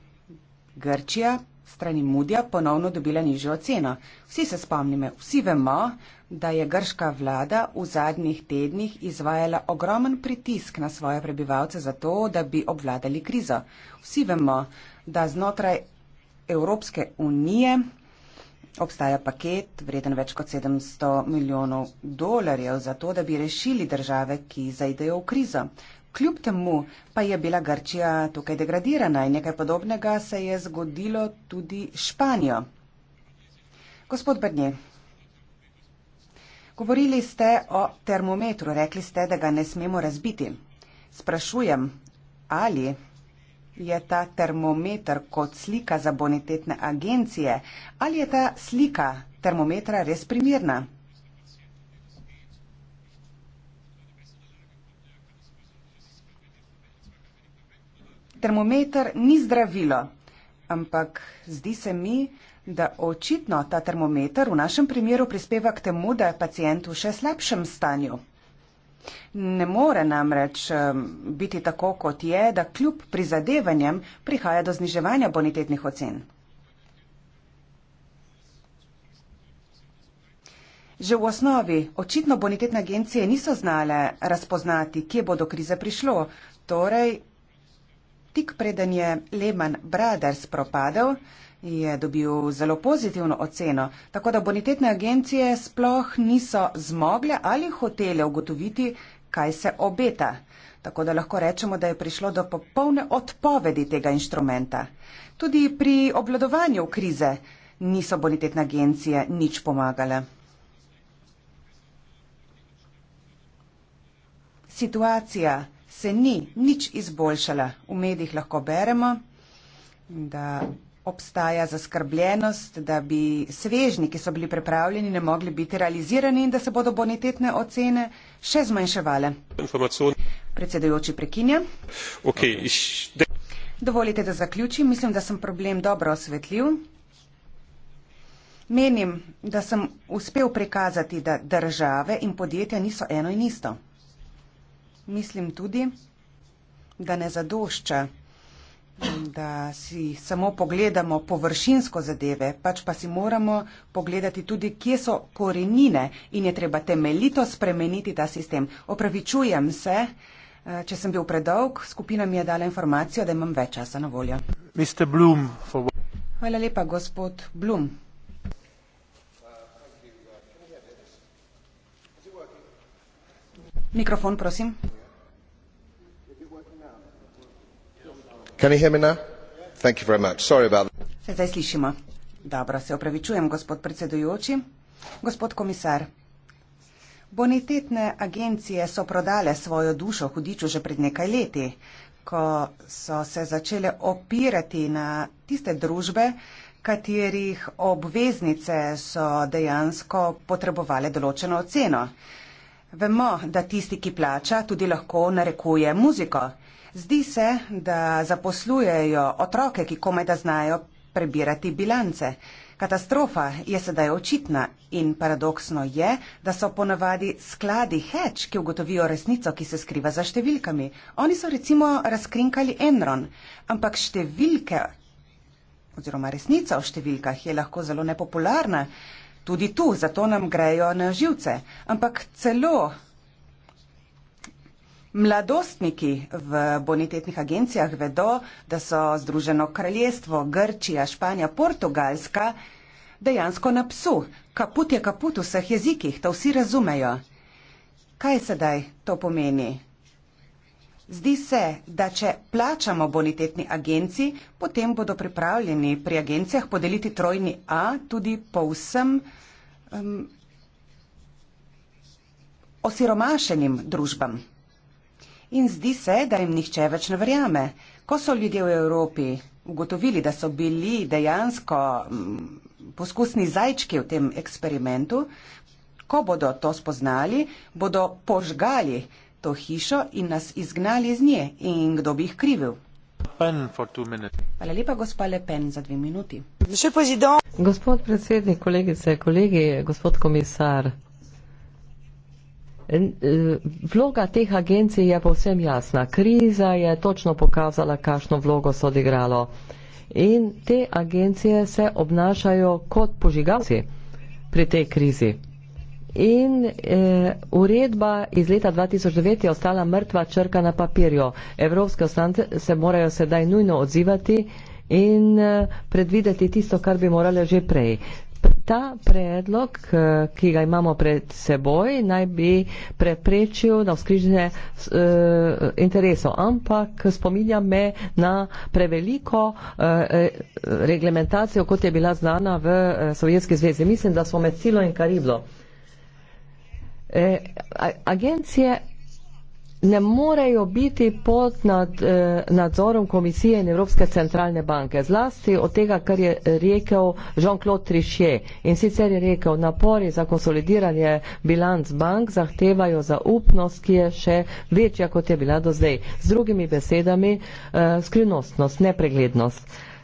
Grčija strani Mudija ponovno dobila nižjo oceno. Vsi se spomnime, vsi vemo, da je grška vlada v zadnjih tednih izvajala ogromen pritisk na svoje prebivalce za to, da bi obvladali krizo. Vsi vemo, da znotraj Evropske unije obstaja paket vreden več kot 700 milijonov dolarjev za to, da bi rešili države, ki zaidejo v krizo. Kljub temu pa je bila Grčija tukaj degradirana in nekaj podobnega se je zgodilo tudi Španijo. Gospod Brnje, govorili ste o termometru, rekli ste, da ga ne smemo razbiti. Sprašujem, ali je ta termometr kot slika za bonitetne agencije, ali je ta slika termometra res primirna? termometer ni zdravilo, ampak zdi se mi, da očitno ta termometer v našem primeru prispeva k temu, da je pacijent v še slabšem stanju. Ne more namreč biti tako, kot je, da kljub prizadevanjem prihaja do zniževanja bonitetnih ocen. Že v osnovi očitno bonitetne agencije niso znale razpoznati, kje bo do krize prišlo, torej tik preden je Lehman Brothers propadel, je dobil zelo pozitivno oceno, tako da bonitetne agencije sploh niso zmogle ali hotele ugotoviti, kaj se obeta. Tako da lahko rečemo, da je prišlo do popolne odpovedi tega inštrumenta. Tudi pri obvladovanju krize niso bonitetne agencije nič pomagale. Situacija se ni nič izboljšala. V medijih lahko beremo, da obstaja zaskrbljenost, da bi svežni, ki so bili prepravljeni, ne mogli biti realizirani in da se bodo bonitetne ocene še zmanjševale. Predsedujoči prekinja. Okay. Dovolite, da zaključim. Mislim, da sem problem dobro osvetljiv. Menim, da sem uspel prikazati, da države in podjetja niso eno in isto mislim tudi, da ne zadošča, da si samo pogledamo površinsko zadeve, pač pa si moramo pogledati tudi, kje so korenine in je treba temeljito spremeniti ta sistem. Opravičujem se, eh, če sem bil predolg, skupina mi je dala informacijo, da imam več časa na voljo. Hvala lepa, gospod Blum. Mikrofon, prosim. Can you hear me now? Thank you very much. Sorry about se zdaj slišimo. Dobro, se opravičujem, gospod predsedujoči. Gospod komisar, bonitetne agencije so prodale svojo dušo hudiču že pred nekaj leti, ko so se začele opirati na tiste družbe, katerih obveznice so dejansko potrebovale določeno oceno. Vemo, da tisti, ki plača, tudi lahko narekuje muziko. Zdi se, da zaposlujejo otroke, ki komaj da znajo prebirati bilance. Katastrofa je sedaj očitna in paradoksno je, da so ponavadi skladi heč, ki ugotovijo resnico, ki se skriva za številkami. Oni so recimo razkrinkali Enron, ampak številke oziroma resnica o številkah je lahko zelo nepopularna. Tudi tu, zato nam grejo na živce. Ampak celo mladostniki v bonitetnih agencijah vedo, da so Združeno kraljestvo, Grčija, Španija, Portugalska dejansko na psu. Kaput je kaput v vseh jezikih, to vsi razumejo. Kaj sedaj to pomeni? Zdi se, da če plačamo bonitetni agenciji, potem bodo pripravljeni pri agencijah podeliti trojni A tudi povsem um, osiromašenim družbam. In zdi se, da jim nihče več ne verjame. Ko so ljudje v Evropi ugotovili, da so bili dejansko um, poskusni zajčki v tem eksperimentu, ko bodo to spoznali, bodo požgali to hišo in nas izgnali iz nje in kdo bi jih krivil. Hvala lepa, gospa Le Pen, za dve minuti. Gospod predsednik, kolegice, kolegi, gospod komisar. E, vloga teh agencij je povsem jasna. Kriza je točno pokazala, kakšno vlogo so odigralo. In te agencije se obnašajo kot požigalci pri tej krizi in eh, uredba iz leta 2009 je ostala mrtva črka na papirju. Evropske ostance se morajo sedaj nujno odzivati in eh, predvideti tisto, kar bi morale že prej. Ta predlog, eh, ki ga imamo pred seboj, naj bi preprečil na vzkrižne uh, eh, interesov, ampak spominja me na preveliko uh, reglementacijo, kot je bila znana v Sovjetski zvezi. Mislim, da smo med Silo in Kariblo. E, agencije ne morejo biti pod nad, eh, nadzorom komisije in Evropske centralne banke. Zlasti od tega, kar je rekel Jean-Claude Trichet in sicer je rekel, napori za konsolidiranje bilanc bank zahtevajo zaupnost, ki je še večja, kot je bila do zdaj. Z drugimi besedami, eh, skrivnostnost, nepreglednost. Eh,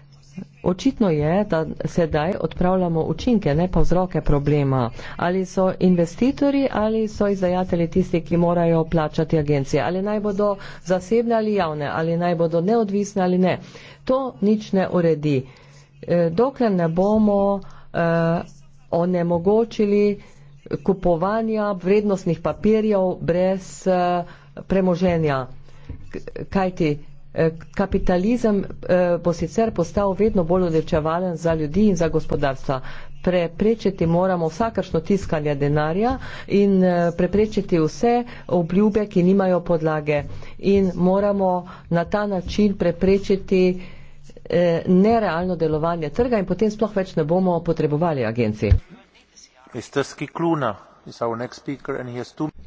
Očitno je, da sedaj odpravljamo učinke, ne pa vzroke problema. Ali so investitorji ali so izdajatelji tisti, ki morajo plačati agencije, ali naj bodo zasebne ali javne, ali naj bodo neodvisne ali ne. To nič ne uredi. E, dokler ne bomo eh, onemogočili kupovanja vrednostnih papirjev brez eh, premoženja. Kaj ti? Eh, kapitalizem eh, bo sicer postal vedno bolj odrečevalen za ljudi in za gospodarstva. Preprečiti moramo vsakršno tiskanje denarja in eh, preprečiti vse obljube, ki nimajo podlage. In moramo na ta način preprečiti nerealno delovanje trga in potem sploh več ne bomo potrebovali agencij.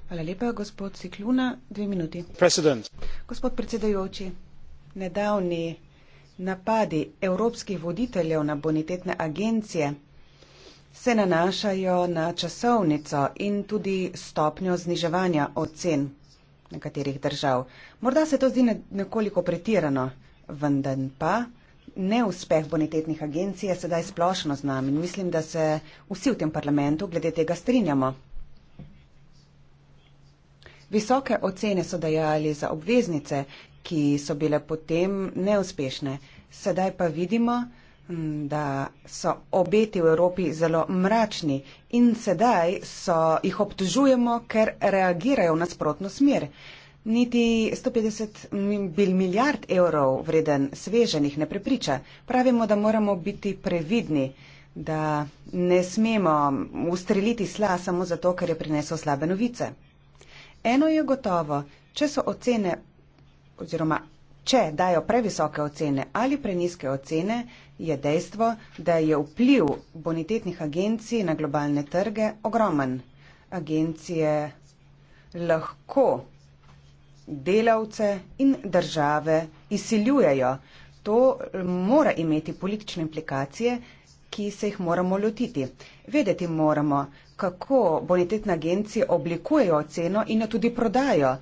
Hvala lepa, gospod Cikluna. Dve minuti. Gospod predsedajoči nedavni napadi evropskih voditeljev na bonitetne agencije se nanašajo na časovnico in tudi stopnjo zniževanja ocen nekaterih držav. Morda se to zdi nekoliko pretirano, vendar pa neuspeh bonitetnih agencij je sedaj splošno znam in mislim, da se vsi v tem parlamentu glede tega strinjamo. Visoke ocene so dajali za obveznice, ki so bile potem neuspešne. Sedaj pa vidimo, mm, da so obeti v Evropi zelo mračni in sedaj so, jih obtužujemo, ker reagirajo v nasprotno smer. Niti 150 milijard evrov vreden sveženih ne prepriča. Pravimo, da moramo biti previdni, da ne smemo ustreliti sla samo zato, ker je prineslo slabe novice. Eno je gotovo, če so ocene oziroma če dajo previsoke ocene ali preniske ocene, je dejstvo, da je vpliv bonitetnih agencij na globalne trge ogromen. Agencije lahko delavce in države izsiljujejo. To mora imeti politične implikacije, ki se jih moramo lotiti. Vedeti moramo, kako bonitetne agencije oblikujejo ceno in jo tudi prodajo.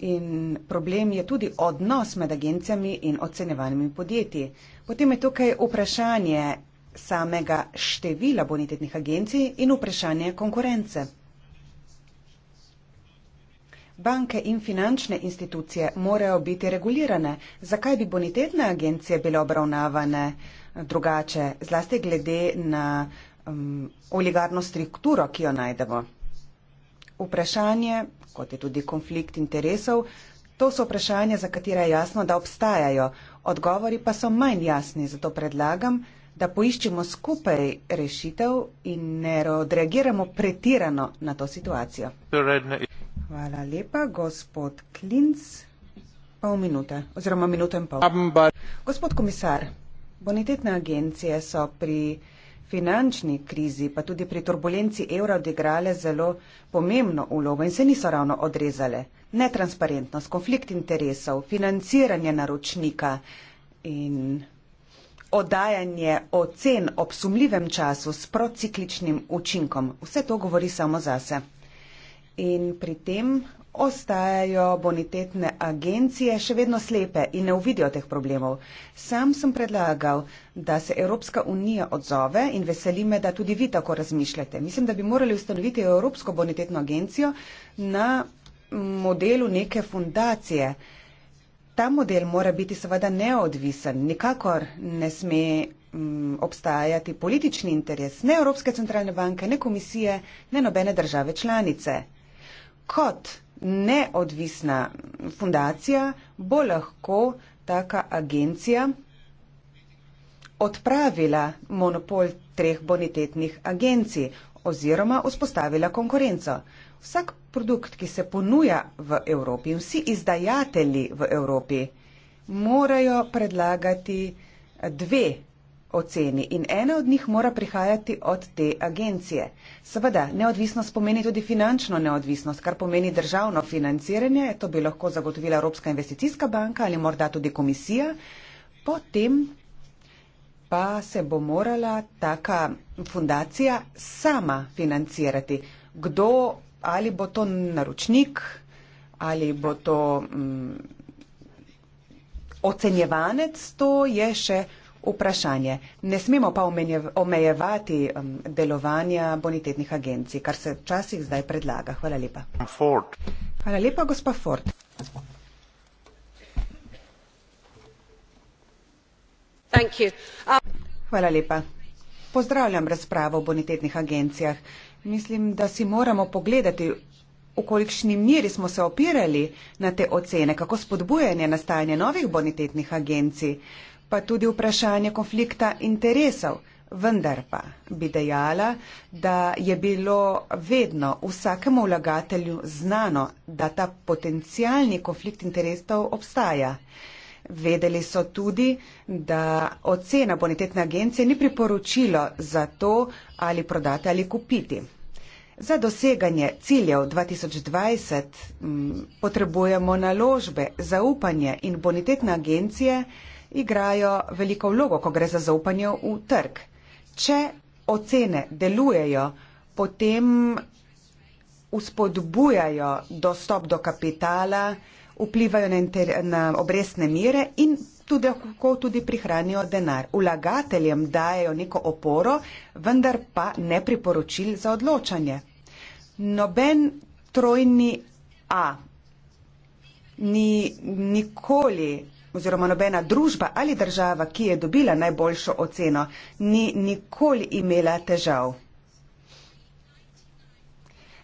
In problem je tudi odnos med agencijami in ocenjevanimi podjetji. Potem je tukaj vprašanje samega števila bonitetnih agencij in vprašanje konkurence. Banke in finančne institucije morajo biti regulirane. Zakaj bi bonitetne agencije bile obravnavane drugače, zlasti glede na um, oligarno strukturo, ki jo najdemo? Vprašanje kot je tudi konflikt interesov. To so vprašanja, za katera je jasno, da obstajajo. Odgovori pa so manj jasni, zato predlagam, da poiščemo skupaj rešitev in ne odreagiramo pretirano na to situacijo. Hvala lepa, gospod Klinc. Pol minute, oziroma minuto in pol. Gospod komisar, bonitetne agencije so pri finančni krizi, pa tudi pri turbulenci evra odigrale zelo pomembno ulogo in se niso ravno odrezale. Netransparentnost, konflikt interesov, financiranje naročnika in oddajanje ocen ob sumljivem času s prociklickim učinkom. Vse to govori samo zase. In pri tem ostajajo bonitetne agencije še vedno slepe in ne uvidijo teh problemov. Sam sem predlagal, da se Evropska unija odzove in veseli me, da tudi vi tako razmišljate. Mislim, da bi morali ustanoviti Evropsko bonitetno agencijo na modelu neke fundacije. Ta model mora biti seveda neodvisen, nikakor ne sme mm, obstajati politični interes ne Evropske centralne banke, ne komisije, ne nobene države članice. Kot neodvisna fundacija, bo lahko taka agencija odpravila monopol treh bonitetnih agencij oziroma vzpostavila konkurenco. Vsak produkt, ki se ponuja v Evropi, vsi izdajatelji v Evropi morajo predlagati dve oceni in ena od njih mora prihajati od te agencije. Seveda, neodvisnost pomeni tudi finančno neodvisnost, kar pomeni državno financiranje, to bi lahko zagotovila Evropska investicijska banka ali morda tudi komisija, potem pa se bo morala taka fundacija sama financirati. Kdo, ali bo to naročnik, ali bo to mm, ocenjevanec, to je še vprašanje. Ne smemo pa omejevati um, delovanja bonitetnih agencij, kar se včasih zdaj predlaga. Hvala lepa. Ford. Hvala lepa, gospa Ford. Uh, Hvala lepa. Pozdravljam razpravo o bonitetnih agencijah. Mislim, da si moramo pogledati, v kolikšni miri smo se opirali na te ocene, kako spodbujanje nastajanja novih bonitetnih agencij pa tudi vprašanje konflikta interesov. Vendar pa bi dejala, da je bilo vedno vsakemu vlagatelju znano, da ta potencijalni konflikt interesov obstaja. Vedeli so tudi, da ocena bonitetne agencije ni priporočilo za to, ali prodati ali kupiti. Za doseganje ciljev 2020 m, mm, potrebujemo naložbe, zaupanje in bonitetne agencije igrajo veliko vlogo, ko gre za zaupanje v trg. Če ocene delujejo, potem uspodbujajo dostop do kapitala, vplivajo na, inter, na obrestne mire in tudi, lahko tudi prihranijo denar. Ulagateljem dajo neko oporo, vendar pa ne priporočil za odločanje. Noben trojni A ni nikoli oziroma nobena družba ali država, ki je dobila najboljšo oceno, ni nikoli imela težav.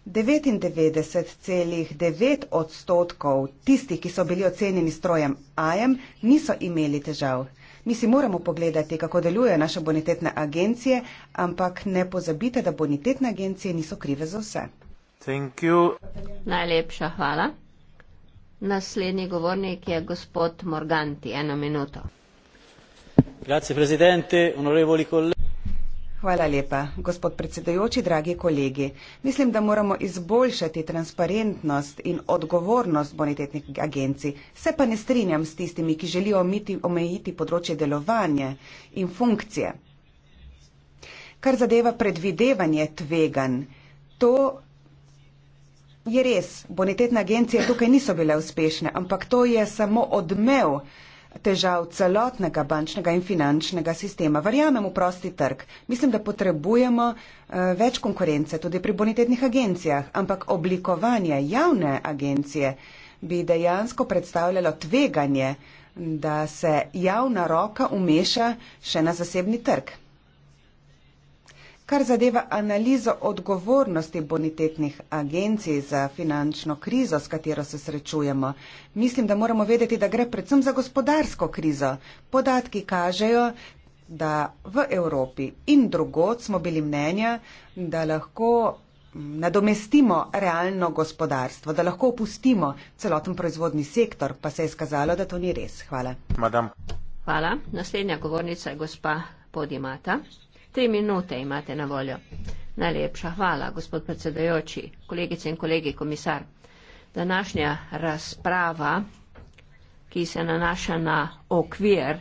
99,9 odstotkov tistih, ki so bili ocenjeni s strojem AEM, niso imeli težav. Mi si moramo pogledati, kako delujejo naše bonitetne agencije, ampak ne pozabite, da bonitetne agencije niso krive za vse. Najlepša hvala. Naslednji govornik je gospod Morganti, eno minuto. Hvala lepa, gospod predsedujoči, dragi kolegi. Mislim, da moramo izboljšati transparentnost in odgovornost bonitetnih agencij. Se pa ne strinjam s tistimi, ki želijo omiti, omejiti področje delovanja in funkcije. Kar zadeva predvidevanje tveganj, to Je res, bonitetne agencije tukaj niso bile uspešne, ampak to je samo odmev težav celotnega bančnega in finančnega sistema. Verjamem v prosti trg. Mislim, da potrebujemo uh, več konkurence tudi pri bonitetnih agencijah, ampak oblikovanje javne agencije bi dejansko predstavljalo tveganje, da se javna roka umeša še na zasebni trg kar zadeva analizo odgovornosti bonitetnih agencij za finančno krizo, s katero se srečujemo. Mislim, da moramo vedeti, da gre predvsem za gospodarsko krizo. Podatki kažejo, da v Evropi in drugod smo bili mnenja, da lahko nadomestimo realno gospodarstvo, da lahko opustimo celoten proizvodni sektor, pa se je skazalo, da to ni res. Hvala. Madam. Hvala. Naslednja govornica je gospa Podimata. Tri minute imate na voljo. Najlepša hvala, gospod predsedajoči, kolegice in kolegi, komisar. Današnja razprava, ki se nanaša na okvir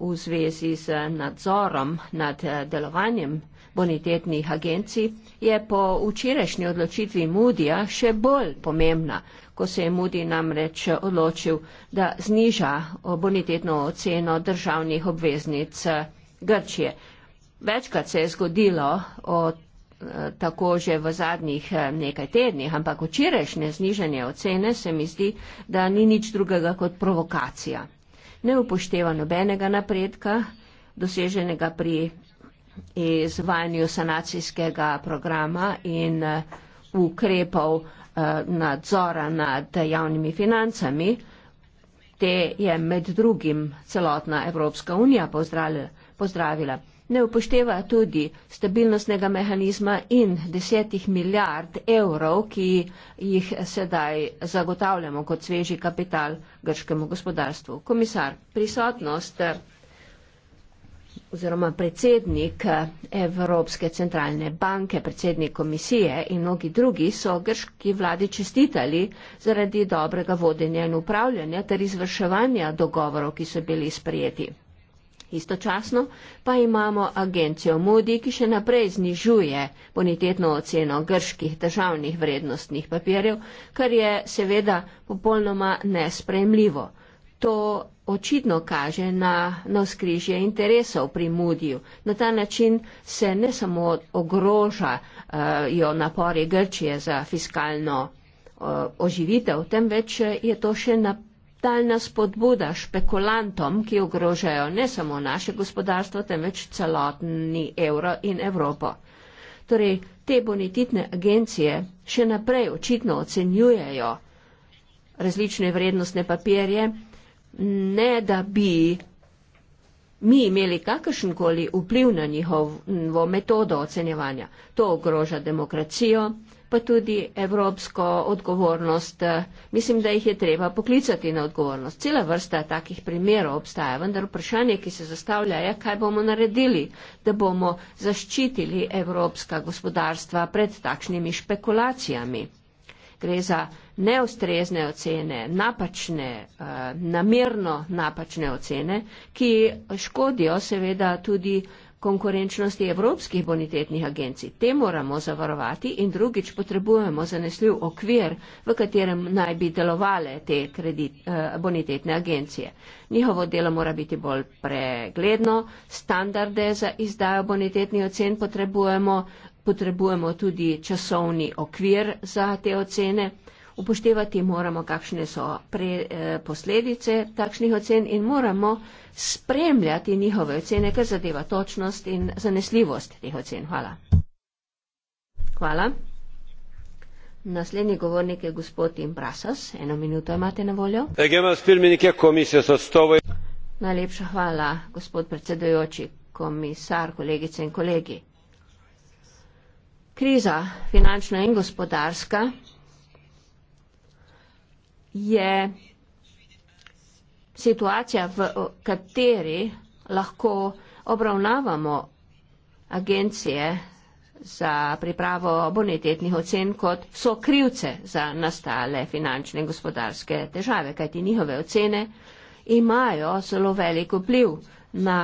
v zvezi z nadzorom nad eh, delovanjem bonitetnih agencij, je po včerajšnji odločitvi Mudija še bolj pomembna, ko se je Mudi namreč odločil, da zniža eh, bonitetno oceno državnih obveznic eh, Grčije. Večkrat se je zgodilo, o, eh, tako že v zadnjih eh, nekaj tednih, ampak včerajšnje znižanje ocene se mi zdi, da ni nič drugega kot provokacija. Ne upošteva nobenega napredka, doseženega pri izvajanju sanacijskega programa in eh, ukrepov nadzora nad javnimi financami. Te je med drugim celotna Evropska unija pozdravila ne upošteva tudi stabilnostnega mehanizma in desetih milijard evrov, ki jih sedaj zagotavljamo kot sveži kapital grškemu gospodarstvu. Komisar, prisotnost oziroma predsednik Evropske centralne banke, predsednik komisije in mnogi drugi so grški vladi čestitali zaradi dobrega vodenja in upravljanja ter izvrševanja dogovorov, ki so bili sprejeti. Istočasno pa imamo agencijo Moody, ki še naprej znižuje bonitetno oceno grških državnih vrednostnih papirjev, kar je seveda popolnoma nespremljivo. To očitno kaže na navskrižje interesov pri Moodyju. Na ta način se ne samo ogrožajo eh, uh, napori Grčije za fiskalno uh, oživitev, temveč je to še naprej daljna spodbuda špekulantom, ki ogrožajo ne samo naše gospodarstvo, temveč celotni evro in Evropo. Torej, te bonititne agencije še naprej očitno ocenjujejo različne vrednostne papirje, ne da bi mi imeli kakršenkoli vpliv na njihovo metodo ocenjevanja. To ogroža demokracijo, pa tudi evropsko odgovornost. Mislim, da jih je treba poklicati na odgovornost. Cela vrsta takih primerov obstaja, vendar vprašanje, ki se zastavlja, je, kaj bomo naredili, da bomo zaščitili evropska gospodarstva pred takšnimi špekulacijami. Gre za neustrezne ocene, napačne, eh, namerno napačne ocene, ki škodijo seveda tudi konkurenčnosti evropskih bonitetnih agencij. Te moramo zavarovati in drugič potrebujemo zanesljiv okvir, v katerem naj bi delovale te kredit, eh, bonitetne agencije. Njihovo delo mora biti bolj pregledno, standarde za izdajo bonitetnih ocen potrebujemo, potrebujemo tudi časovni okvir za te ocene upoštevati moramo, kakšne so pre, eh, posledice takšnih ocen in moramo spremljati njihove ocene, kar zadeva točnost in zanesljivost teh ocen. Hvala. Hvala. Naslednji govornik je gospod Imbrasas. Eno minuto imate na voljo. Najlepša hvala, gospod predsedujoči, komisar, kolegice in kolegi. Kriza finančna in gospodarska je situacija, v kateri lahko obravnavamo agencije za pripravo bonitetnih ocen kot so krivce za nastale finančne in gospodarske težave, kajti njihove ocene imajo zelo velik vpliv na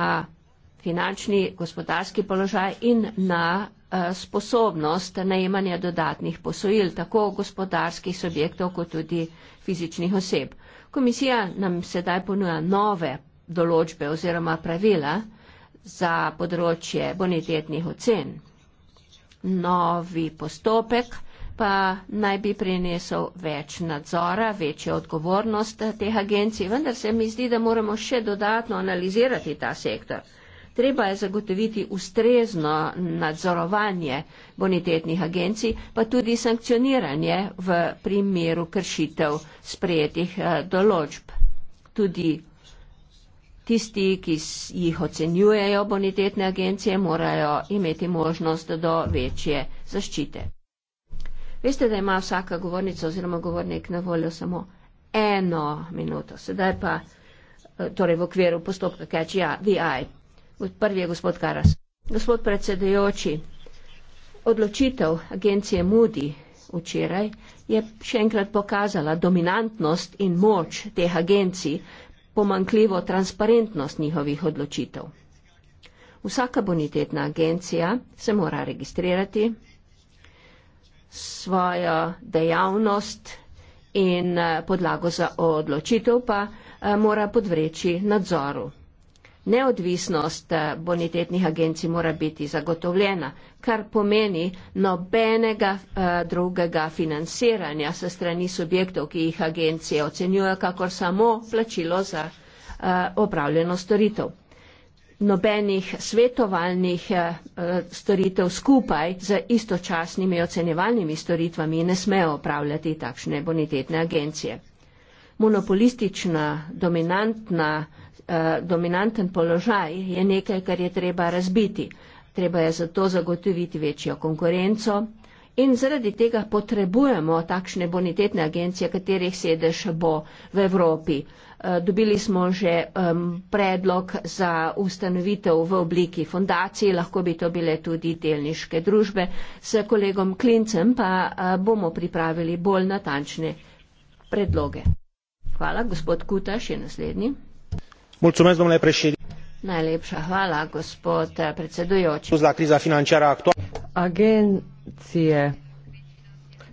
finančni gospodarski položaj in na eh, sposobnost najemanja dodatnih posojil tako gospodarskih subjektov kot tudi fizičnih oseb. Komisija nam sedaj ponuja nove določbe oziroma pravila za področje bonitetnih ocen. Novi postopek pa naj bi prinesel več nadzora, večjo odgovornost teh agencij, vendar se mi zdi, da moramo še dodatno analizirati ta sektor. Treba je zagotoviti ustrezno nadzorovanje bonitetnih agencij, pa tudi sankcioniranje v primeru kršitev sprejetih eh, določb. Tudi tisti, ki jih ocenjujejo bonitetne agencije, morajo imeti možnost do večje zaščite. Veste, da ima vsaka govornica oziroma govornik na voljo samo eno minuto. Sedaj pa, eh, torej v okviru postopka, kaj je GI. Prvi je gospod Karas. Gospod predsedujoči, odločitev agencije Moody včeraj je še enkrat pokazala dominantnost in moč teh agencij, pomankljivo transparentnost njihovih odločitev. Vsaka bonitetna agencija se mora registrirati svojo dejavnost in eh, podlago za odločitev pa eh, mora podvreči nadzoru. Neodvisnost eh, bonitetnih agencij mora biti zagotovljena, kar pomeni nobenega uh, drugega financiranja se strani subjektov, ki jih agencije ocenjujejo, kakor samo plačilo za uh, opravljeno storitev. Nobenih svetovalnih uh, storitev skupaj z istočasnimi ocenjevalnimi storitvami ne smejo opravljati takšne bonitetne agencije. Monopolistična, dominantna, Eh, dominanten položaj je nekaj, kar je treba razbiti. Treba je zato zagotoviti večjo konkurenco in zaradi tega potrebujemo takšne bonitetne agencije, katerih sedež bo v Evropi. Eh, dobili smo že predlog za ustanovitev v obliki fondacij, lahko bi to bile tudi delniške družbe. S kolegom Klincem pa eh, bomo pripravili bolj natančne predloge. Hvala, gospod Kutaš je naslednji. Najlepša hvala, gospod predsedujoč. Agencije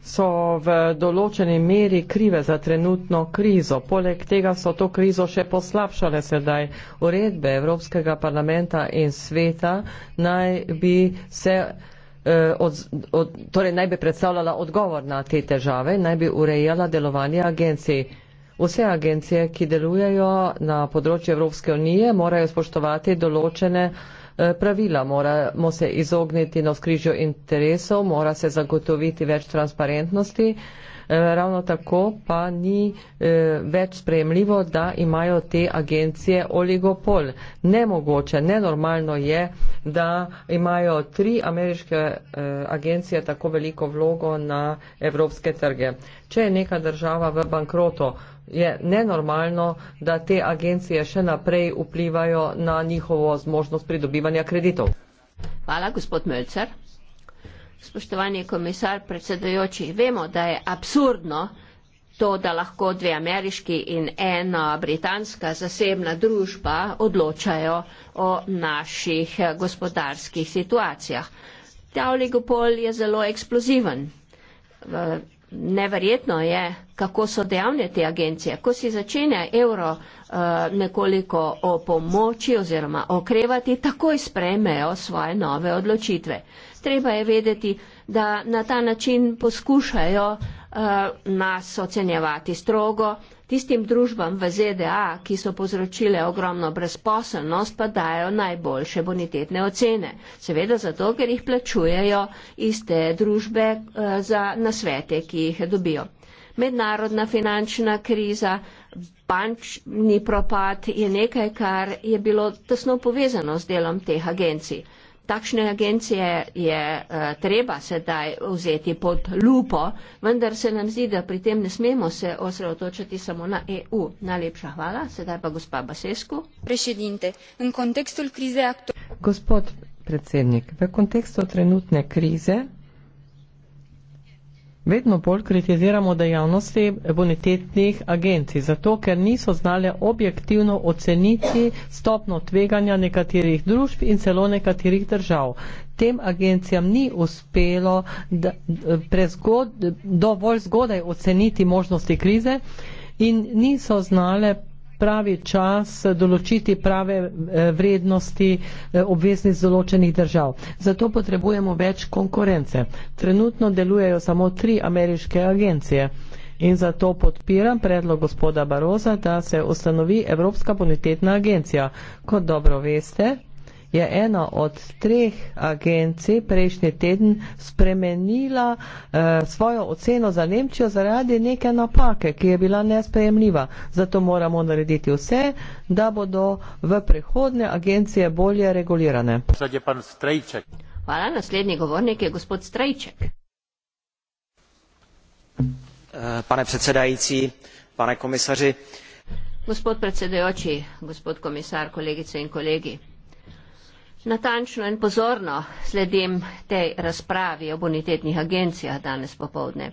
so v določeni meri krive za trenutno krizo. Poleg tega so to krizo še poslabšale sedaj. Uredbe Evropskega parlamenta in sveta naj bi se. Eh, od, od, torej naj bi predstavljala odgovor na te težave, naj bi urejala delovanje agencij. Vse agencije, ki delujejo na področju Evropske unije, morajo spoštovati določene eh, pravila. Moramo se izogniti na skrižju interesov, mora se zagotoviti več transparentnosti. Eh, ravno tako pa ni eh, več spremljivo, da imajo te agencije oligopol. Nemogoče, nenormalno je, da imajo tri ameriške eh, agencije tako veliko vlogo na evropske trge. Če je neka država v bankrotu, je nenormalno, da te agencije še naprej vplivajo na njihovo zmožnost pridobivanja kreditov. Hvala, gospod Mölcer spoštovani komisar, predsedujoči, vemo, da je absurdno to, da lahko dve ameriški in ena britanska zasebna družba odločajo o naših gospodarskih situacijah. Ta oligopol je zelo eksploziven. Neverjetno je, kako so dejavne te agencije. Ko si začne evro uh, nekoliko o pomoči oziroma okrevati, takoj sprejmejo svoje nove odločitve. Uh, Treba je vedeti, da na ta način poskušajo uh, nas ocenjevati strogo, tistim družbam v ZDA, ki so povzročile ogromno brezposelnost, pa dajo najboljše bonitetne ocene. Seveda zato, ker jih plačujejo iste družbe uh, za nasvete, ki jih dobijo. Mednarodna finančna kriza, bančni propad je nekaj, kar je bilo tesno povezano z delom teh agencij takšne agencije je uh, treba sedaj vzeti pod lupo, vendar se nam zdi, da pri tem ne smemo se osredotočiti samo na EU. Najlepša hvala. Sedaj pa gospa Basescu. Gospod predsednik, v kontekstu trenutne krize Vedno bolj kritiziramo dejavnosti bonitetnih agencij, zato ker niso znale objektivno oceniti stopno tveganja nekaterih družb in celo nekaterih držav. Tem agencijam ni uspelo prezgod, dovolj zgodaj oceniti možnosti krize in niso znale pravi čas določiti prave eh, vrednosti eh, obveznic določenih držav. Zato potrebujemo več konkurence. Trenutno delujejo samo tri ameriške agencije. In zato podpiram predlog gospoda Baroza, da se ustanovi Evropska bonitetna agencija. Kot dobro veste, je ena od treh agencij prejšnji teden spremenila eh, svojo oceno za Nemčijo zaradi neke napake, ki je bila nespremljiva. Zato moramo narediti vse, da bodo v prihodnje agencije bolje regulirane. Hvala, naslednji govornik je gospod Strejček. Eh, pane predsedajci, pane komisarji. Gospod predsedujoči, gospod komisar, kolegice in kolegi. Natančno in pozorno sledim tej razpravi o bonitetnih agencijah danes popovdne.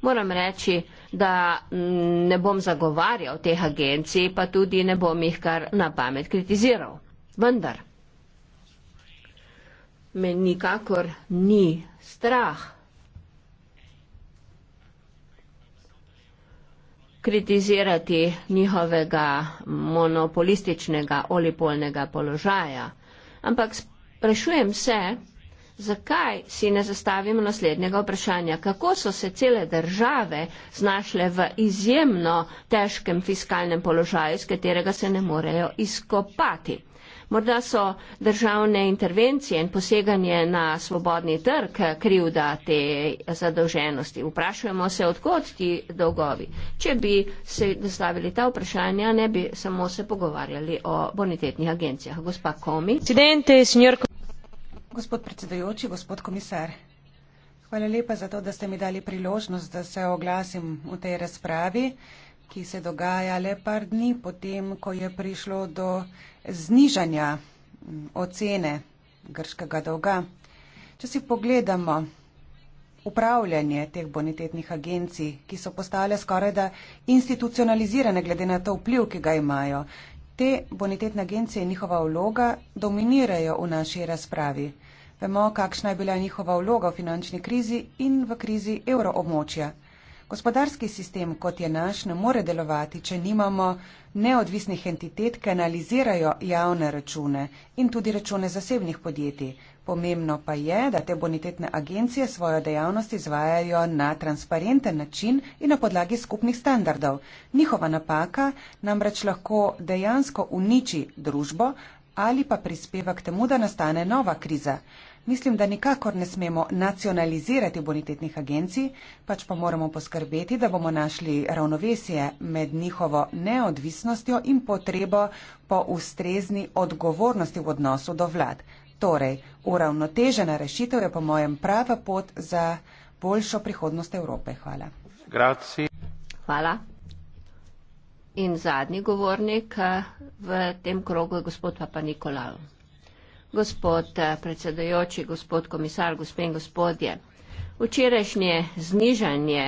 Moram reči, da ne bom zagovarjal teh agencij, pa tudi ne bom jih kar na pamet kritiziral. Vendar me nikakor ni strah. kritizirati njihovega monopolističnega olipolnega položaja ampak sprašujem se, zakaj si ne zastavimo naslednjega vprašanja. Kako so se cele države znašle v izjemno težkem fiskalnem položaju, iz katerega se ne morejo izkopati? Morda so državne intervencije in poseganje na svobodni trg krivda te zadolženosti. Vprašujemo se, odkot ti dolgovi. Če bi se zastavili ta vprašanja, ne bi samo se pogovarjali o bonitetnih agencijah. Gospa Komi. Gospod predsedujoči, gospod komisar. Hvala lepa za to, da ste mi dali priložnost, da se oglasim v tej razpravi, ki se dogaja le par dni potem, ko je prišlo do znižanja ocene grškega dolga. Če si pogledamo upravljanje teh bonitetnih agencij, ki so postale skoraj da institucionalizirane glede na to vpliv, ki ga imajo, te bonitetne agencije in njihova vloga dominirajo v naši razpravi. Vemo, kakšna je bila njihova vloga v finančni krizi in v krizi evroobmočja. Gospodarski sistem, kot je naš, ne more delovati, če nimamo neodvisnih entitet, ki analizirajo javne račune in tudi račune zasebnih podjetij. Pomembno pa je, da te bonitetne agencije svojo dejavnost izvajajo na transparenten način in na podlagi skupnih standardov. Njihova napaka namreč lahko dejansko uniči družbo ali pa prispeva k temu, da nastane nova kriza. Mislim, da nikakor ne smemo nacionalizirati bonitetnih agencij, pač pa moramo poskrbeti, da bomo našli ravnovesje med njihovo neodvisnostjo in potrebo po ustrezni odgovornosti v odnosu do vlad. Torej, uravnotežena rešitev je po mojem prava pot za boljšo prihodnost Evrope. Hvala. Grazie. Hvala. In zadnji govornik eh, v tem krogu je gospod Papa Nikolaus. Gospod eh, predsedujoči, gospod komisar, gospe in gospodje. Včerajšnje znižanje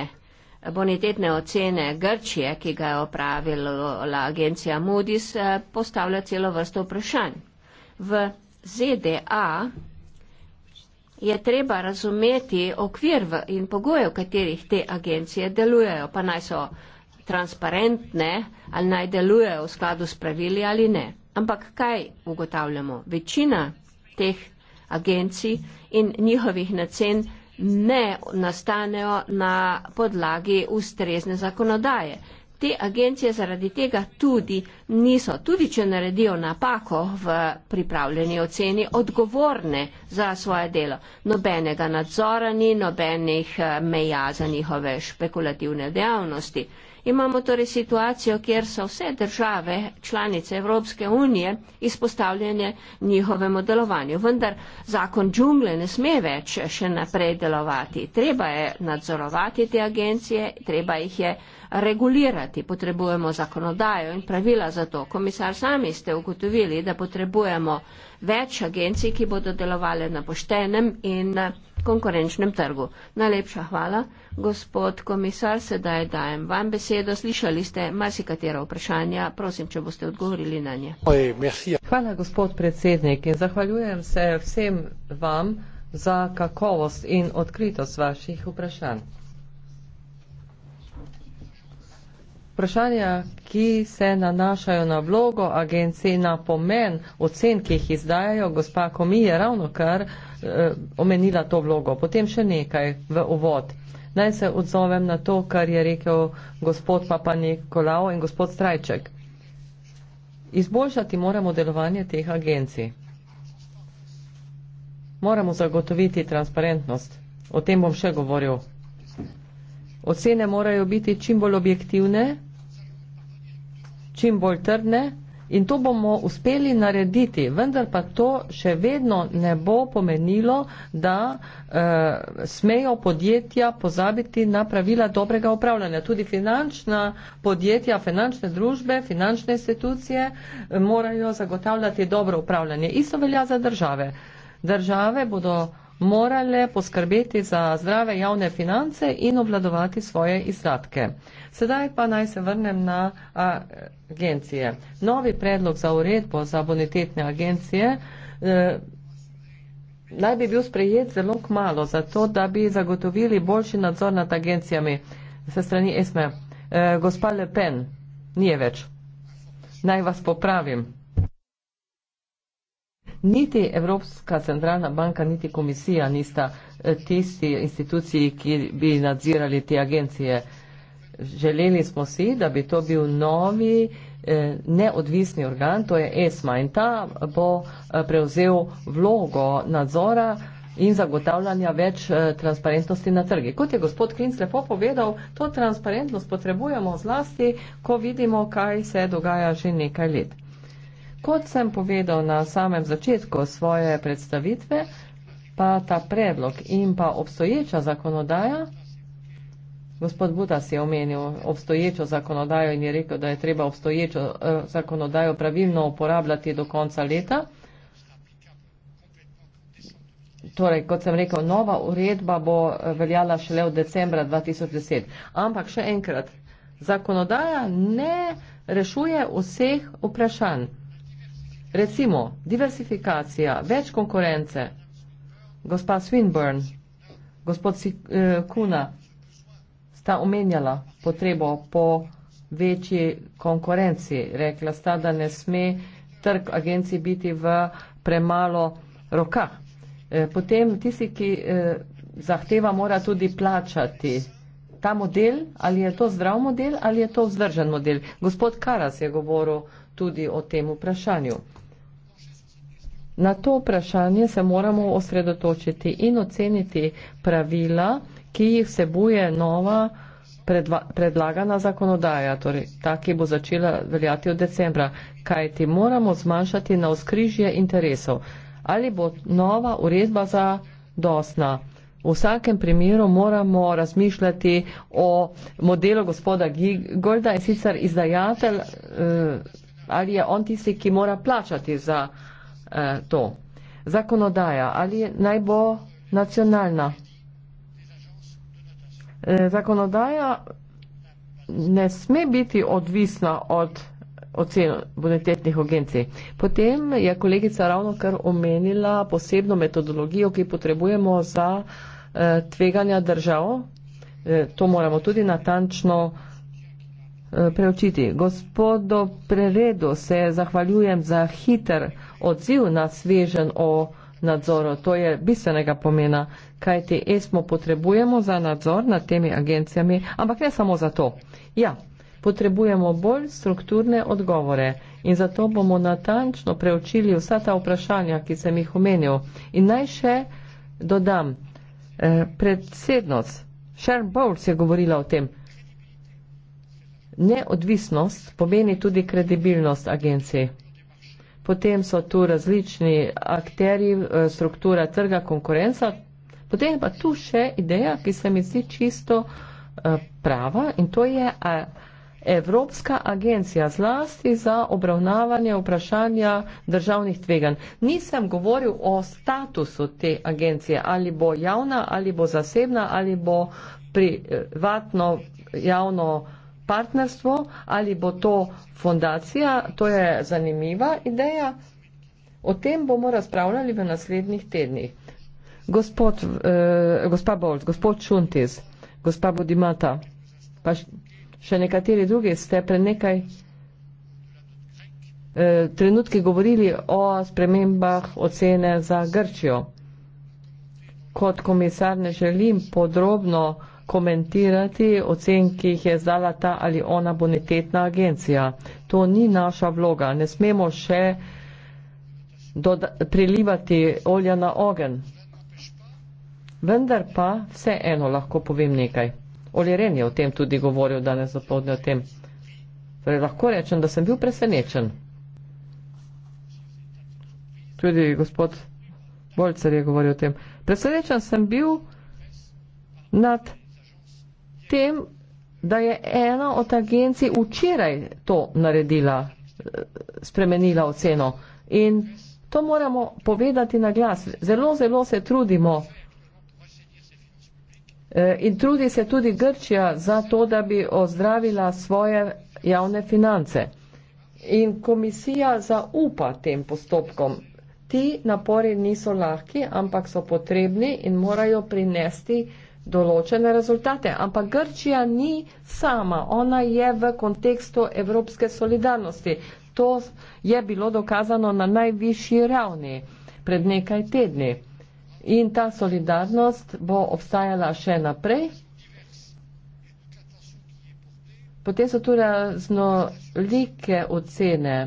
bonitetne ocene Grčije, ki ga je opravila agencija Moody's, eh, postavlja celo vrsto vprašanj. V ZDA je treba razumeti okvir in pogoje, v katerih te agencije delujejo, pa naj so transparentne ali naj delujejo v skladu s pravili ali ne. Ampak kaj ugotavljamo? Večina teh agencij in njihovih nacen ne nastanejo na podlagi ustrezne zakonodaje. Te agencije zaradi tega tudi niso, tudi če naredijo napako v pripravljeni oceni, odgovorne za svoje delo. Nobenega nadzora ni, nobenih eh, meja za njihove špekulativne dejavnosti. Imamo torej situacijo, kjer so vse države, članice Evropske unije, izpostavljene njihovemu delovanju. Vendar zakon džungle ne sme več še naprej delovati. Treba je nadzorovati te agencije, treba jih je regulirati. Potrebujemo zakonodajo in pravila za to. Komisar, sami ste ugotovili, da potrebujemo več agencij, ki bodo delovali na poštenem in konkurenčnem trgu. Najlepša hvala. Gospod komisar, sedaj dajem vam besedo. Slišali ste marsikatera vprašanja. Prosim, če boste odgovorili na nje. Hvala, gospod predsednik. Zahvaljujem se vsem vam za kakovost in odkritost vaših vprašanj. vprašanja, ki se nanašajo na vlogo agencij, na pomen ocen, ki jih izdajajo. Gospa Komi je ravno kar eh, omenila to vlogo. Potem še nekaj v uvod. Naj se odzovem na to, kar je rekel gospod Papa Nikolao in gospod Strajček. Izboljšati moramo delovanje teh agencij. Moramo zagotoviti transparentnost. O tem bom še govoril. Ocene morajo biti čim bolj objektivne, čim bolj trdne in to bomo uspeli narediti, vendar pa to še vedno ne bo pomenilo, da e, smejo podjetja pozabiti na pravila dobrega upravljanja. Tudi finančna podjetja, finančne družbe, finančne institucije eh, morajo zagotavljati dobro upravljanje. Isto velja za države. Države bodo morale poskrbeti za zdrave javne finance in obladovati svoje izdatke. Sedaj pa naj se vrnem na agencije. Novi predlog za uredbo za bonitetne agencije e, naj bi bil sprejet zelo kmalo, zato da bi zagotovili boljši nadzor nad agencijami se strani ESME. E, gospa Le Pen, nije več. Naj vas popravim niti Evropska centralna banka, niti komisija nista eh, tisti instituciji, ki bi nadzirali te agencije. Želeli smo si, da bi to bil novi eh, neodvisni organ, to je ESMA in ta bo eh, prevzel vlogo nadzora in zagotavljanja več transparentnosti na trgi. Kot je gospod Klinc lepo povedal, to transparentnost potrebujemo zlasti, ko vidimo, kaj se dogaja že nekaj let. Kot sem povedal na samem začetku svoje predstavitve, pa ta predlog in pa obstoječa zakonodaja, gospod Budas je omenil obstoječo zakonodajo in je rekel, da je treba obstoječo eh, zakonodajo pravilno uporabljati do konca leta. Torej, kot sem rekel, nova uredba bo eh, veljala šele od decembra 2010. Ampak še enkrat, zakonodaja ne rešuje vseh vprašanj. Recimo, diversifikacija, več konkurence. Gospa Swinburne, gospod eh, Kuna, sta omenjala potrebo po večji konkurenci. Rekla sta, da ne sme trg agencij biti v premalo rokah. Eh, potem tisti, ki eh, zahteva, mora tudi plačati ta model, ali je to zdrav model, ali je to vzdržen model. Gospod Karas je govoril tudi o tem vprašanju. Na to vprašanje se moramo osredotočiti in oceniti pravila, ki jih vsebuje nova predlagana zakonodaja, torej ta, ki bo začela veljati od decembra, kaj ti moramo zmanjšati na oskrižje interesov. Ali bo nova uredba za dosna? V vsakem primeru moramo razmišljati o modelu gospoda Gigolda, je sicer izdajatelj. Eh, ali je on tisti, ki mora plačati za eh, to. Zakonodaja, ali naj bo nacionalna. Eh, zakonodaja ne sme biti odvisna od ocen bonitetnih agencij. Potem je kolegica ravno kar omenila posebno metodologijo, ki potrebujemo za eh, tveganja držav. Eh, to moramo tudi natančno eh, Eh, preučiti. Gospodo Preredu se zahvaljujem za hiter odziv na svežen o nadzoru. To je bistvenega pomena, kaj te ESMO potrebujemo za nadzor nad temi agencijami, ampak ne samo za to. Ja, potrebujemo bolj strukturne odgovore in zato bomo natančno preučili vsa ta vprašanja, ki sem jih omenil. In naj še dodam, eh, predsednost, Sharon Bowles je govorila o tem, Neodvisnost pomeni tudi kredibilnost agencij. Potem so tu različni akteri, eh, struktura trga, konkurenca. Potem pa tu še ideja, ki se mi zdi čisto eh, prava in to je Evropska agencija zlasti za obravnavanje vprašanja državnih tvegan. Nisem govoril o statusu te agencije, ali bo javna, ali bo zasebna, ali bo privatno javno partnerstvo, ali bo to fondacija, to je zanimiva ideja. O tem bomo razpravljali v naslednjih tednih. Gospod, eh, gospa Bolt, gospod Šuntis, gospa Bodimata, pa še nekateri drugi ste pre nekaj eh, trenutki govorili o spremembah ocene za Grčijo. Kot komisar ne želim podrobno komentirati ocen, ki jih je zdala ta ali ona bonitetna agencija. To ni naša vloga. Ne smemo še prilivati olja na ogen. Vendar pa vseeno lahko povem nekaj. Oliren je o tem tudi govoril danes zapodne o tem. Torej, lahko rečem, da sem bil presenečen. Tudi gospod Bolcer je govoril o tem. Presenečen sem bil nad tem, da je ena od agencij včeraj to naredila, spremenila oceno. In to moramo povedati na glas. Zelo, zelo se trudimo. E, in trudi se tudi Grčija za to, da bi ozdravila svoje javne finance. In komisija zaupa tem postopkom. Ti napori niso lahki, ampak so potrebni in morajo prinesti uh, določene rezultate. Ampak Grčija ni sama, ona je v kontekstu evropske solidarnosti. To je bilo dokazano na najvišji ravni pred nekaj tedni. In ta solidarnost bo obstajala še naprej. Potem so tu raznolike ocene.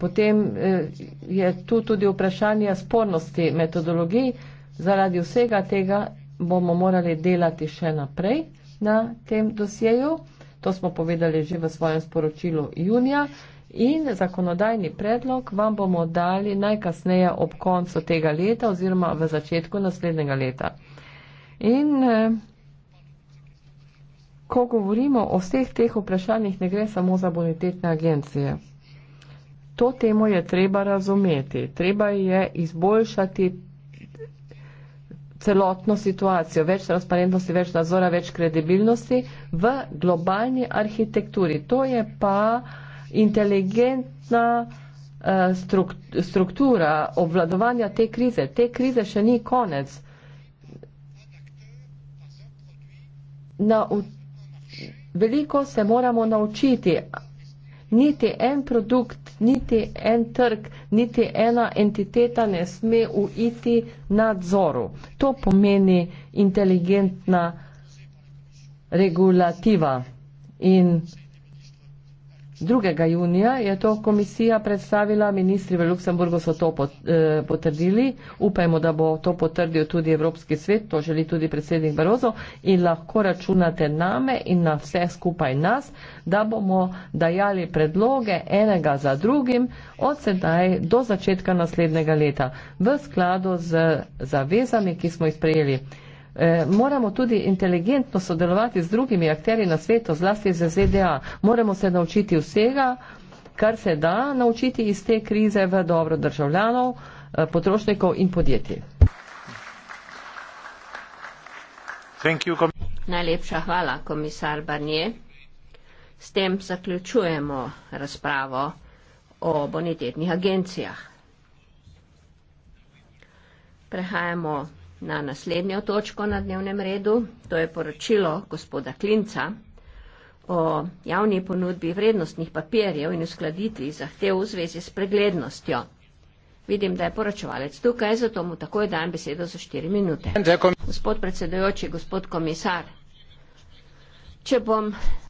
Potem eh, je tu tudi vprašanje spornosti metodologij. Zaradi vsega tega bomo morali delati še naprej na tem dosjeju. To smo povedali že v svojem sporočilu junija. In zakonodajni predlog vam bomo dali najkasneje ob koncu tega leta oziroma v začetku naslednjega leta. In eh, ko govorimo o vseh teh vprašanjih, ne gre samo za bonitetne agencije. To temo je treba razumeti. Treba je izboljšati celotno situacijo, več transparentnosti, več nadzora, več kredibilnosti v globalni arhitekturi. To je pa inteligentna eh, struktura obvladovanja te krize. Te krize še ni konec. Veliko se moramo naučiti, niti en produkt, niti en trg, niti ena entiteta ne sme uiti nadzoru. To pomeni inteligentna regulativa in 2. junija je to komisija predstavila, ministri v Luksemburgu so to eh, potrdili, upajmo, da bo to potrdil tudi Evropski svet, to želi tudi predsednik Barozo in lahko računate name in na vse skupaj nas, da bomo dajali predloge enega za drugim od sedaj do začetka naslednjega leta v skladu z zavezami, ki smo jih sprejeli. Eh, moramo tudi inteligentno sodelovati z drugimi akteri na svetu, zlasti z ZDA. Moramo se naučiti vsega, kar se da naučiti iz te krize v dobro državljanov, eh, potrošnikov in podjetij. Najlepša hvala, komisar Barnier. S tem zaključujemo razpravo o bonitetnih agencijah. Prehajamo na naslednjo točko na dnevnem redu, to je poročilo gospoda Klinca o javni ponudbi vrednostnih papirjev in uskladitvi zahtev v zvezi s preglednostjo. Vidim, da je poročevalec tukaj, zato mu takoj dajem besedo za štiri minute. Gospod predsedujoči, gospod komisar, če bom.